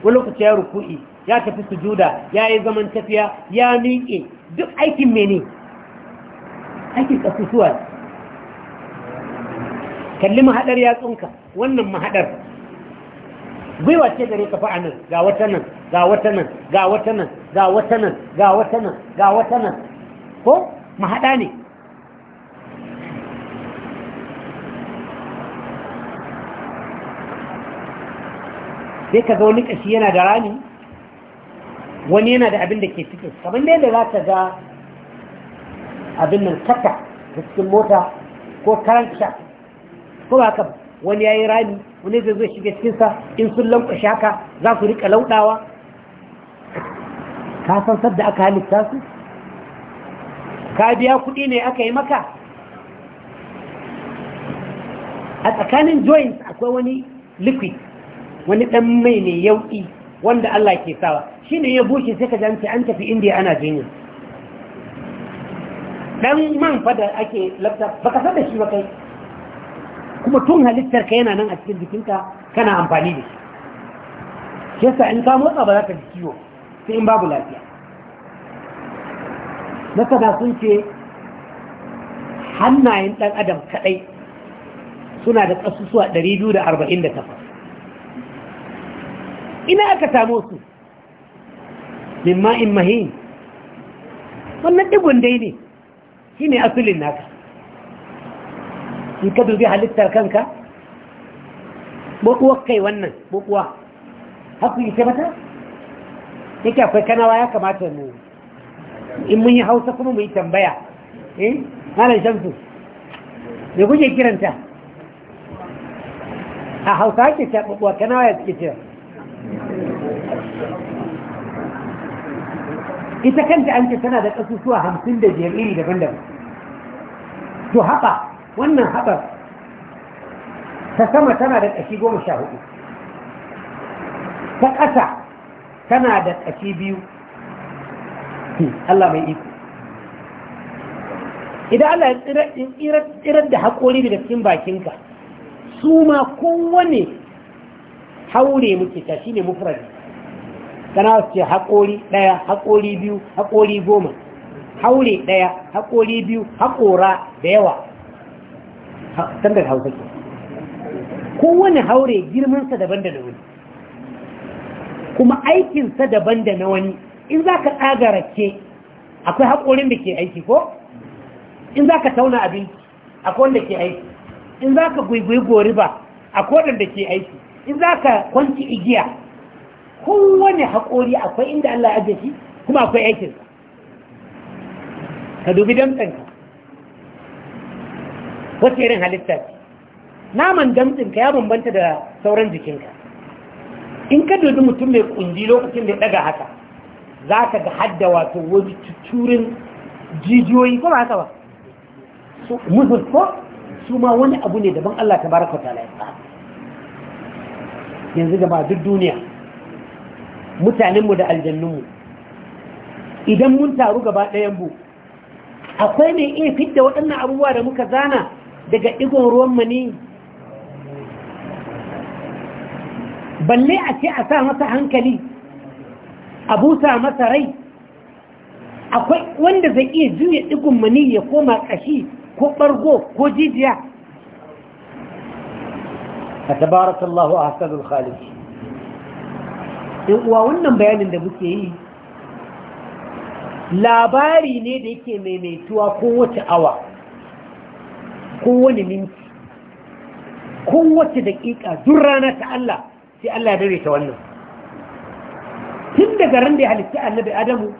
wani lokaci ya ruku'i ya tafi su juda, ya yi zaman tafiya ya miƙe duk aikin mene haƙi ƙasusuwa kalli mahaɗar yatsunka wannan mahaɗar gwiwa ce gare ka fa'a nan ga wata nan ga wata nan ga wata nan ga wata nan ga wata nan ga wata nan ko mahaɗa ne sai ka ga wani ƙashi yana da rami wani yana da abin da ke cikin kamar da yadda za ka ga abin nan kasa da cikin mota ko karan sha ko ba wani ya yi rami wani zai zo shiga cikinsa in sun lankwashe haka za su rika laudawa? ka san sadda aka halitta su ka biya kuɗi ne aka yi maka a tsakanin joint akwai wani liquid wani ɗan mai ne yauƙi wanda Allah ke sawa shi ne ya bushe sai ka janci an tafi indiya ana jinyar dan man fa ake lafta baka san da shi ba kai kuma tun halittar ka yana nan a cikin jikinka kana amfani da shi shi yasa in ka motsa ba za ka ji ciwo sai in babu lafiya masana sun ce hannayen ɗan adam kadai, suna da kasusuwa 248 ina aka samu su min ma'in mahin wannan digon dai ne shi ne asulin naka in ka dubi halittar kanka bokuwa kai wannan bokuwa haku yi mata yake akwai kanawa ya kamata mu in mun yi hausa kuma mu yi tambaya eh malam shamsu me kuke kiranta a hausa ake ta bokuwa kanawa ya suke cewa ita kanta an ce tana da ƙasusuwa hamsin da biyar iri daban-daban to haɓa wannan haɓar ta sama tana da ƙashi goma sha hudu ta ƙasa tana da ƙashi biyu Allah mai iko idan Allah ya tsirar da haƙori da cikin bakinka su ma kowane haure muke ta shi ne mufradi kana ce haƙori ɗaya haƙori biyu haƙori goma haure ɗaya haƙori biyu haƙora da yawa standard hausa ke kowane haure girmansa daban da na wani kuma aikinsa daban da na wani in za ka tsaga rake akwai haƙorin da ke aiki ko in za ka tauna abinci akwai wanda ke aiki in za ka gwaigwai gori ba akwai wanda ke aiki in za ka kwanci igiya kowane haƙori akwai inda Allah ya ajiye kuma akwai aikinsa ka dubi damtsanka wace irin halitta ce naman damtsinka ya bambanta da sauran jikinka in ka dubi mutum mai kundi lokacin da ya daga haka za ka ga hadda wato wani cuturin jijiyoyi ko ba haka ba musul ko su ma wani abu ne daban Allah ta baraka ta yanzu gaba duk duniya mutanenmu da aljannunmu idan mun taru gaba ɗayanmu akwai mai iya fidda waɗannan abubuwa da muka zana daga ɗigon ruwan mani balle a ce a sa masa hankali a busa masa rai akwai wanda zai iya juya ɗigon mani ya koma ƙashi ko ɓargo ko jijiya فتبارك a أحسن الخالقين Yan uwa wannan bayanin da muke yi labari ne da yake maimaituwa kowace awa kowane minti kowace daƙiƙa duk rana ta Allah sai Allah ya dare ta wannan tun daga ran da halitta annabi Adamu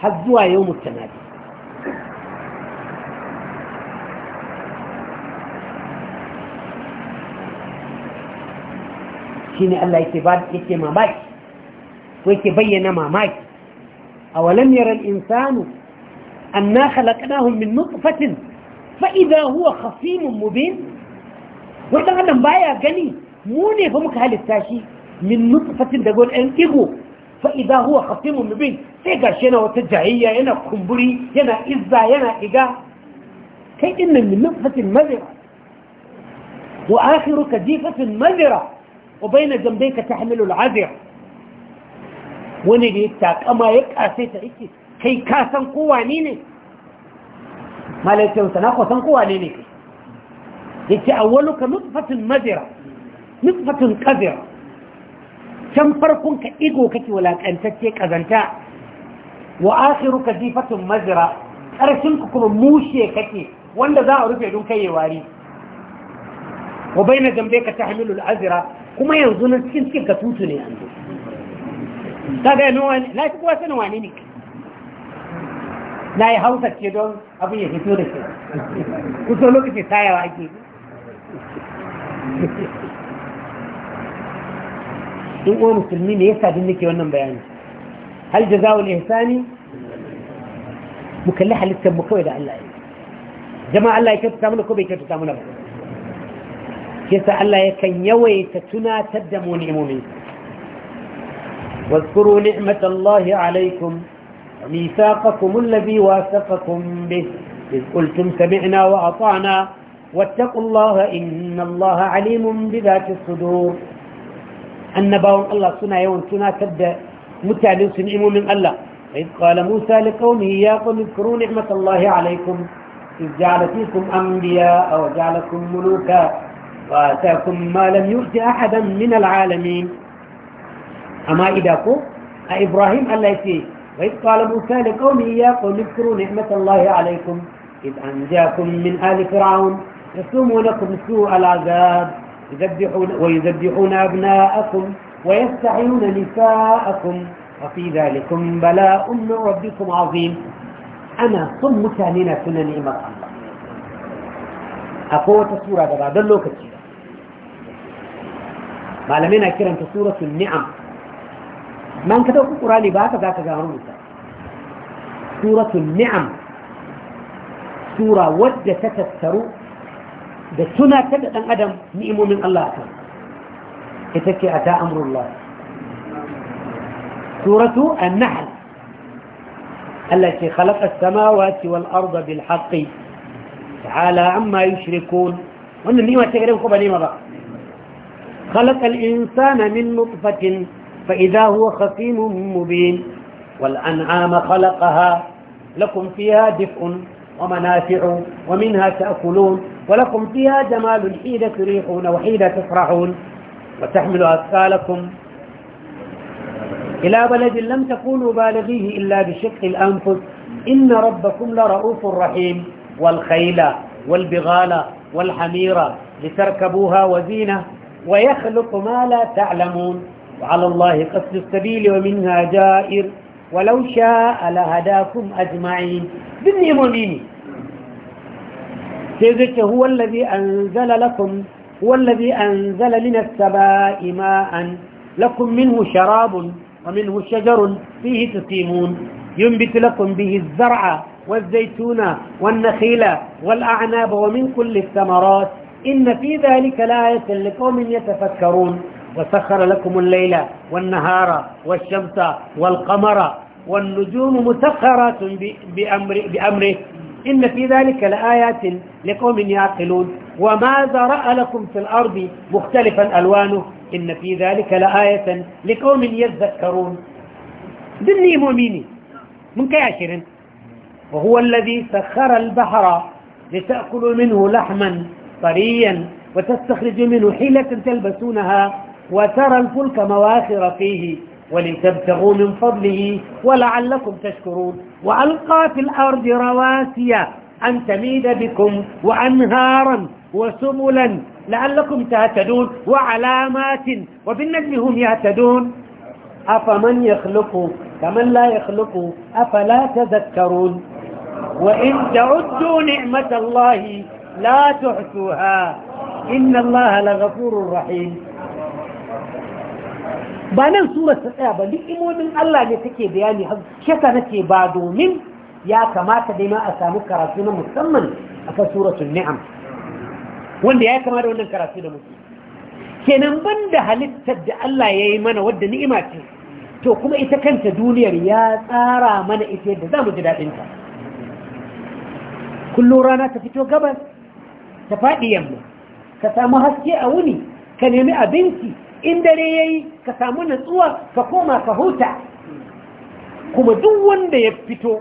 har zuwa yau mutana shi ne Allah ba yake mamaki ويكي بينا ما ماك أولم يرى الإنسان أنا خلقناهم من نطفة فإذا هو خصيم مبين وإذا أدم بايا غني موني فمك هل التاشي من نطفة تقول أن إغو فإذا هو خصيم مبين سيقاش ينا وتجعية ينا كمبري ينا إزا ينا إقاه كي إن من نطفة مذرة وآخرك جيفة مذرة وبين جنبيك تحمل العذر wani da ya takama ya kase ta yake kai ka san kowa ne ne malaikiyarsa na kwasan kowa ne ne ce a wani ka nutfatin mazira nutfatin kazira can farkon ka igo kake walakantacce kazanta wa akhiru ka jifatun mazira ƙarshen ku kuma mushe kake wanda za a rufe don kai wari wa baina jambe ka tahmilul azira kuma yanzu na cikin cikin ka tutu ne yanzu kaga yanzu wani na fi kuwa sanin wani ne na yi hausa ce don abin ya fito da ke kusa lokacin tayawa ake in uwa musulmi ne ya sa sadin nake wannan bayani hal jazawul ihsani mu kalli halittar mu kawai da Allah ya jama'a Allah ya kyautata mana ko bai kyautata mana ba Ke sa Allah ya yakan ta tunatar da mu ni'imomin واذكروا نعمة الله عليكم ميثاقكم الذي واثقكم به إذ قلتم سمعنا وأطعنا واتقوا الله إن الله عليم بذات الصدور أن النبأ الله سنة يوم سنة تبدا متعلي سنعم من الله إذ قال موسى لقومه يا قوم اذكروا نعمة الله عليكم إذ جعل فيكم أنبياء وجعلكم ملوكا وآتاكم ما لم يؤت أحدا من العالمين أما إذا ko a ibrahim allah وإذ قال موسى لقومه kwallo اذكروا نعمة الله عليكم إذ أنجاكم من آل فرعون يصومونكم سوء العذاب يذبحون ويذبحون أبناءكم ويستحيون نساءكم وفي ذلكم بلاء من ربكم عظيم أنا صم متانين سنة نعمة الله أقوة سورة بعد اللوكة ما لمنا في سورة النعم man ka dauki qur'ani ba haka zaka ga rubuta suratul ni'am sura wadda ta tattaru da suna ta da dan adam ni'imomin Allah ta ita ce ata amrullah suratu an-nahl التي خلق السماوات والأرض بالحق تعالى عما يشركون وأن النعمة تقريبا كبا نعمة خلق الإنسان من نطفة فإذا هو خصيم مبين والأنعام خلقها لكم فيها دفء ومنافع ومنها تأكلون ولكم فيها جمال حين تريحون وحين تفرحون وتحمل أثقالكم إلى بلد لم تكونوا بالغيه إلا بشق الأنفس إن ربكم لرؤوف رحيم والخيل والبغال والحمير لتركبوها وزينة ويخلق ما لا تعلمون وعلى الله قصد السبيل ومنها جائر ولو شاء لهداكم أجمعين بالنعمين سيدك هو الذي أنزل لكم هو الذي أنزل من السماء ماء لكم منه شراب ومنه شجر فيه تسيمون ينبت لكم به الزرع والزيتون والنخيل والأعناب ومن كل الثمرات إن في ذلك لآية لقوم يتفكرون وسخر لكم الليل والنهار والشمس والقمر والنجوم مسخرات بأمر بأمره إن في ذلك لآيات لقوم يعقلون وما ذرأ لكم في الأرض مختلفا ألوانه إن في ذلك لآية لقوم يذكرون ذني مؤمني من كاشر وهو الذي سخر البحر لتأكلوا منه لحما طريا وتستخرجوا منه حيلة تلبسونها وترى الفلك مواخر فيه ولتبتغوا من فضله ولعلكم تشكرون وألقى في الأرض رواسي أن تميد بكم وأنهارا وسبلا لعلكم تهتدون وعلامات وبالنجم هم يهتدون أفمن يخلق كمن لا يخلق أفلا تذكرون وإن تعدوا نعمة الله لا تحسوها إن الله لغفور رحيم ba nan sura ta tsaya ba ni'imomin Allah ne take bayani har shaka nake ba domin ya kamata dai ma a samu karatu na musamman akan suratul ni'am wanda ya kamata wannan karatu da muke kenan banda halittar da Allah ya yi mana wadda ni'ima ce to kuma ita kanta duniyar ya tsara mana ita yadda za mu ji daɗin ta kullum rana ta fito gabas ta faɗi yamma ka samu haske a wuni ka nemi abinci in dare yi ka samu natsuwa ka koma ka huta kuma duk wanda ya fito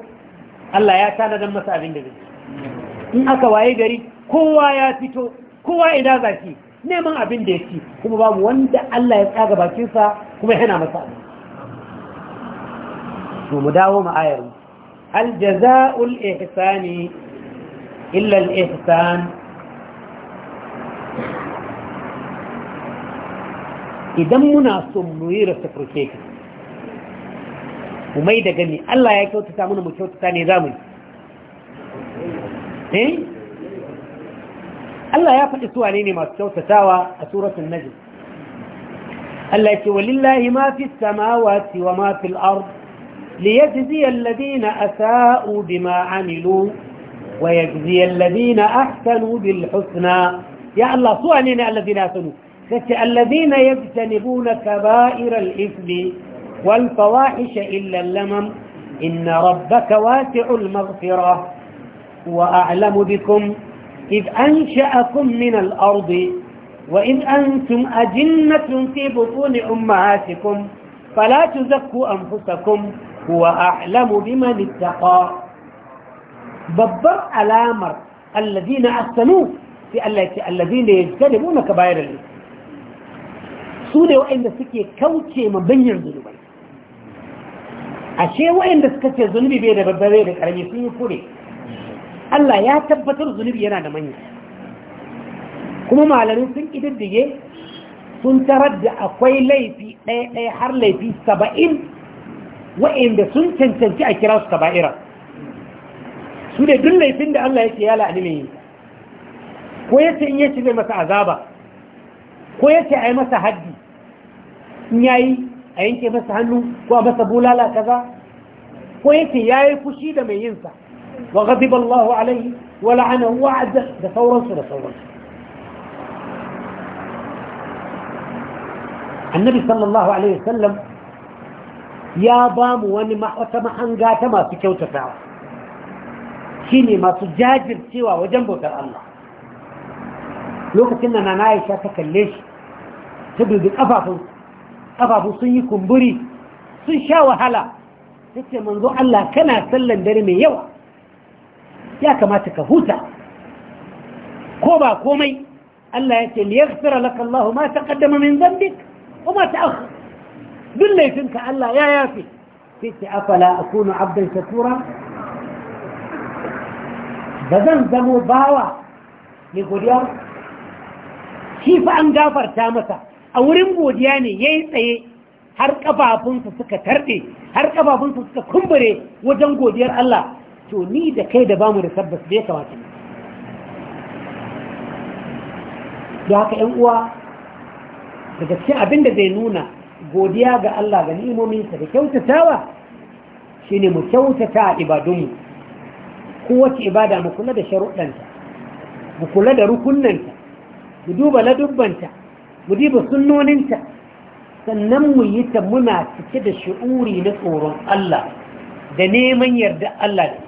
Allah ya don masa abin da zai in aka waye gari kowa ya fito kowa ina zaki neman abin da ya ki, kuma babu wanda Allah ya tsaga bakinsa kuma yana masa abin to mu dawo mu aljaza'ul ihsani illa al-ihsan idan muna so mu yi reciprocating mu mai da gani Allah ya kyautata mana mu kyautata ne za mu yi Allah ya faɗi suwa ne masu kyautatawa a suratun najm Allah ce walillahi ma fi samawati wa ma fil ard liyajziya alladhina asa'u bima amilu wa yajziya alladhina ahsanu bil husna ya Allah suwa ne ne alladhina ahsanu الذين يجتنبون كبائر الإثم والفواحش إلا اللمم إن ربك واسع المغفرة وأعلم بكم إذ أنشأكم من الأرض وإذ أنتم أجنة في بطون أمهاتكم فلا تزكوا أنفسكم هو أعلم بمن اتقى ببر على الذين أحسنوا في الذين يجتنبون كبائر الإثم su ne wa'inda suke kauce ma banyar zunubai ashe wa'inda suka ce zunubi bai da babbare da karami sun yi kure Allah ya tabbatar zunubi yana da manya kuma malamin sun ƙididdige sun tarar da akwai laifi ɗaya har laifi saba'in wa'inda sun cancanci a kira su saba'ira su ne dun laifin da Allah yake yala a nime ko ya ce in yace zai masa azaba ko ya ce a yi masa haddi nyai a yanke masa hannu ko a masa bulala kaza ko yake yayi fushi da mai yinsa wa ghadiba Allah alaihi wa la'ana wa adda da sauran su da sauransu annabi sallallahu alaihi wasallam ya ba mu wani wata mahanga ta masu kyautatawa shine masu jajircewa wajen bautar Allah lokacin da Nana Aisha ta kalle shi ta dubi kafafunsa kafafu sun yi kumburi sun sha wahala ta ce manzo Allah kana sallan dare mai yawa ya kamata ka huta ko ba komai Allah ya ce fira laka Allah ma ta taqaddama min dhanbik wa ma ta'akhkhar duk laifinka Allah ya yafi Ta ce afala akunu abdan shakura ba zan zamo bawa ne godiya shi fa an gafarta masa a wurin godiya ne ya yi tsaye har ƙafafunsa suka tarɗe har ƙafafunsa suka kumbure wajen godiyar Allah to ni da kai da bamu da tabbas bai kamata da haka ‘yan uwa daga cikin abin da zai nuna godiya ga Allah ga nimominsa da kyautatawa shine mu kyautata a ibadunmu kowace ibada mu kula da sharuɗanta mu kula da rukunanta mu duba ladubbanta mu diba sunnoninta sannan mu yi ta muna cike da shi'uri na tsoron Allah da neman yarda Allah ne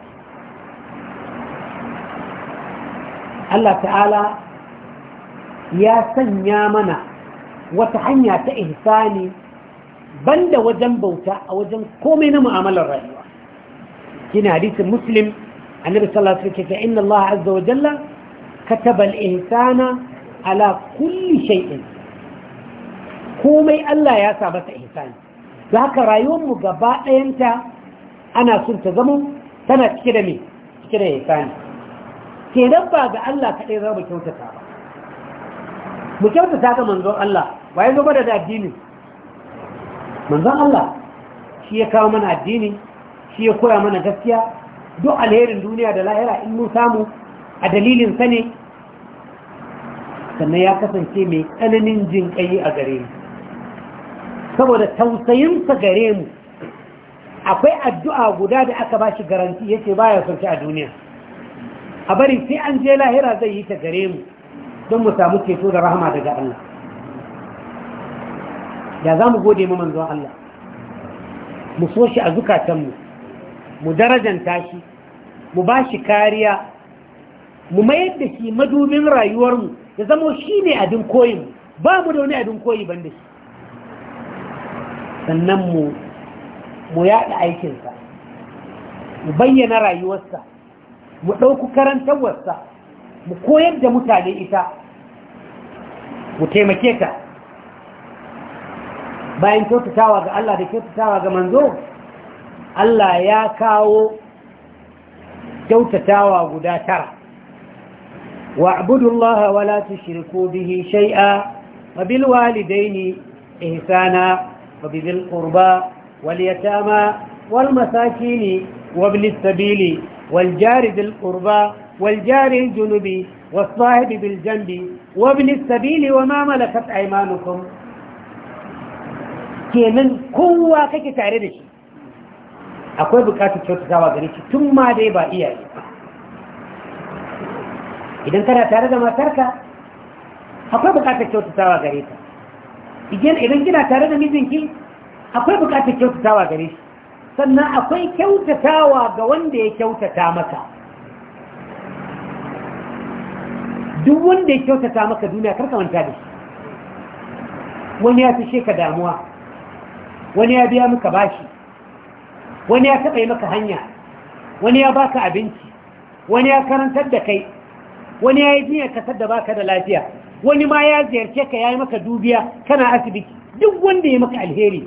Allah ta'ala ya sanya mana wata hanya ta ihsani banda wajen bauta a wajen komai na mu'amalar rayuwa kina hadisin muslim annabi sallallahu alaihi wasallam inna Allah azza wa jalla kataba ihsana ala kulli shay'in komai Allah ya sa masa ihsani da haka rayuwarmu gaba ɗayanta ana son ta zama tana cike da me cike da ihsani kenan ba ga Allah kaɗai za mu kyautata ba mu kyautata ga manzon Allah ba ya zo da addini manzon Allah shi ya kawo mana addini shi ya koya mana gaskiya duk alherin duniya da lahira in mun samu a dalilin sa ne sannan ya kasance mai tsananin jin ƙayi a gare mu saboda tausayinsa gare mu akwai addu'a guda da aka ba shi garanti yake baya sauki a duniya a bari sai an je lahira zai yi ta gare mu don mu samu ceto da rahama daga Allah Da za mu gode mu manzo Allah mu so shi a zukatanmu mu darajanta shi mu ba shi kariya mu mayar da shi madubin rayuwarmu ya zama shi ne abin koyi ba mu da wani abin koyi ban da shi sannan mu yaɗa aikinsa mu bayyana rayuwarsa mu ɗauku karantarwarsa mu koyar da mutane ita mu taimake ta bayan kyautatawa ga Allah da kyautatawa ga manzo Allah ya kawo kyautatawa guda tara واعبدوا الله bihi تشركوا به شيئا وبالوالدين إحسانا وبذي القربى واليتامى والمساكين وابن السبيل والجار ذي القربى والجار الجنوب والصاحب بالجنب وابن السبيل وما ملكت ايمانكم كي من قوة كي تعرضش أقول بكاتي شو تساوى غريش ثم ما ديبا إياه إذن ترى تارد ما تركا أقول بكاتي شو تساوى غريش idan kina tare da mijinki akwai bukatar kyautatawa gare shi sannan akwai kyautatawa ga wanda ya kyautata maka duk wanda ya kyautata maka duniya karka manta da shi wani ya fi sheka damuwa wani ya biya maka bashi wani ya taɓa yi maka hanya wani ya baka abinci wani ya karantar da kai wani ya yi jiya kasar da baka da lafiya wani ma ya ziyarce ka yi maka dubiya kana asibiti duk wanda ya maka alheri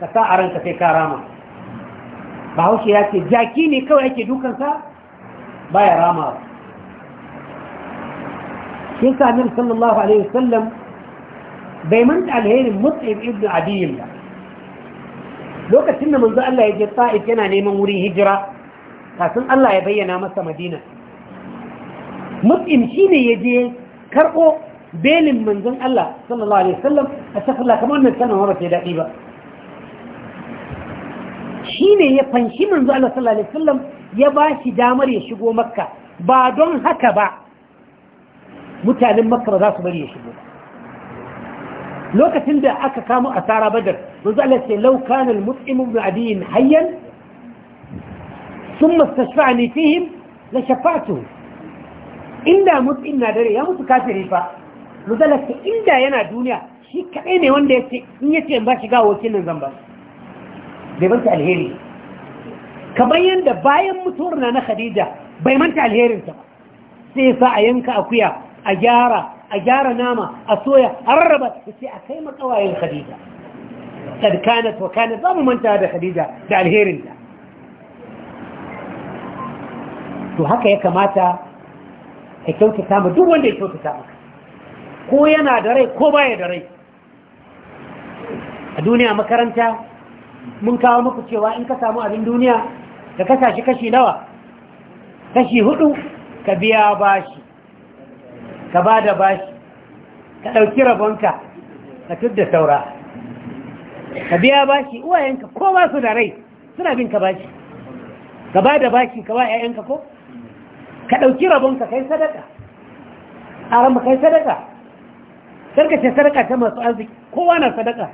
ka sa a ranka sai ka rama bahaushe ya ce jaki ne kawai yake dukansa ya rama shi sa sallallahu alaihi wasallam bai manta alherin mut'ib ibn adiyyin ba lokacin da manzo Allah ya je Ta'if yana neman wurin hijira kafin Allah ya bayyana masa Madina shi shine ya je karɓo بين من ذن الله صلى الله عليه وسلم أشخ الله كمان من سنة ورسي دقيبة شيني يفنشي من ذن الله صلى الله عليه وسلم يباشي دامر يشقو مكة بعدون هكبع متعلم مكة رضا سبري يشقو لو كتن ده أكا كامو أثار بدر وزعل لو كان المتعم ابن عدي حيا ثم استشفعني فيهم لشفعته إلا مدئنا دري يا كافر إيفا muzalar inda yana duniya shi kaɗai ne wanda ya ce in yace ba shi ga nan zan ba bai manta alheri kamar yadda bayan mutuwar na na khadija bai manta alherinta ba sai sa a yanka akuya a gyara a gyara nama a soya a rarraba ya ce a kai makawayen khadija kad kanat wa za mu manta da khadija da alherinta to haka ya kamata ka kyautata mu duk wanda ya kyautata maka ko yana da rai ko baya da rai a duniya makaranta mun kawo muku cewa in ka samu abin duniya da ka sashi kashi nawa kashi hudu ka biya bashi ka ba da bashi ka ɗauki rabonka ka da saura ka biya bashi uwayenka ko ba su da rai suna bin ka bashi ka ba da bashi ka ba ƴaƴanka ko ka ɗauki rabonka kai sadaka a ramu kai sadaka sarka ce sadaka ta masu arziki kowa na sadaka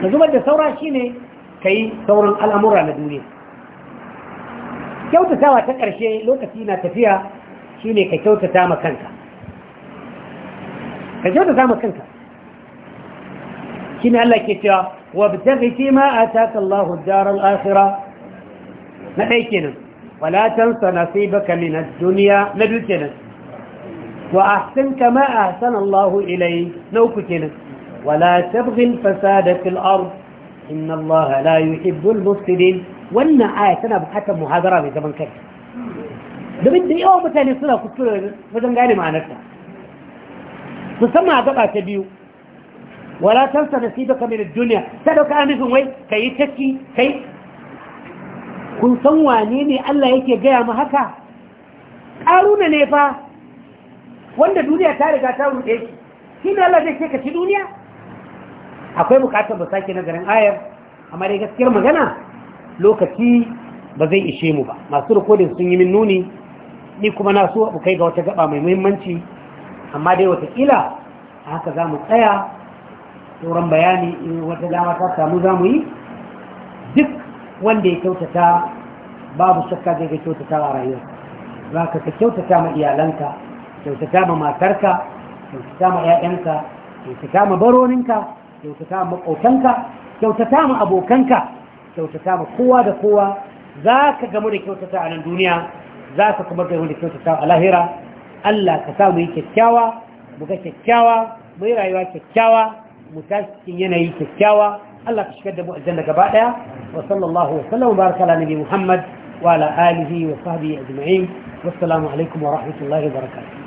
ka zubar da saura shine ka yi sauran al'amura na duniya kyautatawa ta ƙarshe lokaci na tafiya shine ka kyauta ta makanka. ka kyautata ma kanka shine Allah ke cewa a وابتغ فيما آتاك الله الدار الآخرة نحيكنا ولا تنس نصيبك من الدنيا نبيكنا وأحسن كما أحسن الله إليه نوكتنا ولا تبغي الفساد في الأرض إن الله لا يحب المفسدين وأن آية تنا بحكم محاضرة بزمن كيف da da yawa mutane suna kuskure wajen gane ma'anarta musamman a gaba ta biyu wala tansa nasibaka min ad duniya. ta dauka amifin wai yi taki kai kun san wane ne Allah yake gaya mu haka karuna ne fa wanda duniya ta riga ta ruɗe shi shi ne Allah zai ce ka ci duniya akwai bukatar ba sake nazarin ayar amma dai gaskiyar magana lokaci ba zai ishe mu ba masu rikodin sun yi min nuni ni kuma na so abu kai ga wata gaba mai muhimmanci amma dai watakila a haka za mu tsaya sauran bayani in wata dama ta samu za mu yi duk wanda ya kyautata babu shakka zai ga kyautata a rayuwa za ka kyautata ma iyalanka kyautata ma matarka kyautata ma 'ya'yanka kyautata ma baroninka kyautata ma maƙotanka kyautata ma abokanka kyautata ma kowa da kowa za ka gamu da kyautata a nan duniya za ka kuma gamu da kyautata a lahira Allah ka sa mu yi kyakkyawa mu ga kyakkyawa mu yi rayuwa kyakkyawa mu tashi cikin yanayi kyakkyawa Allah ka shigar da mu aljanna gaba daya wa sallallahu wa sallam ala nabi Muhammad wa ala alihi wa sahbihi ajma'in wassalamu alaikum wa rahmatullahi wa barakatuh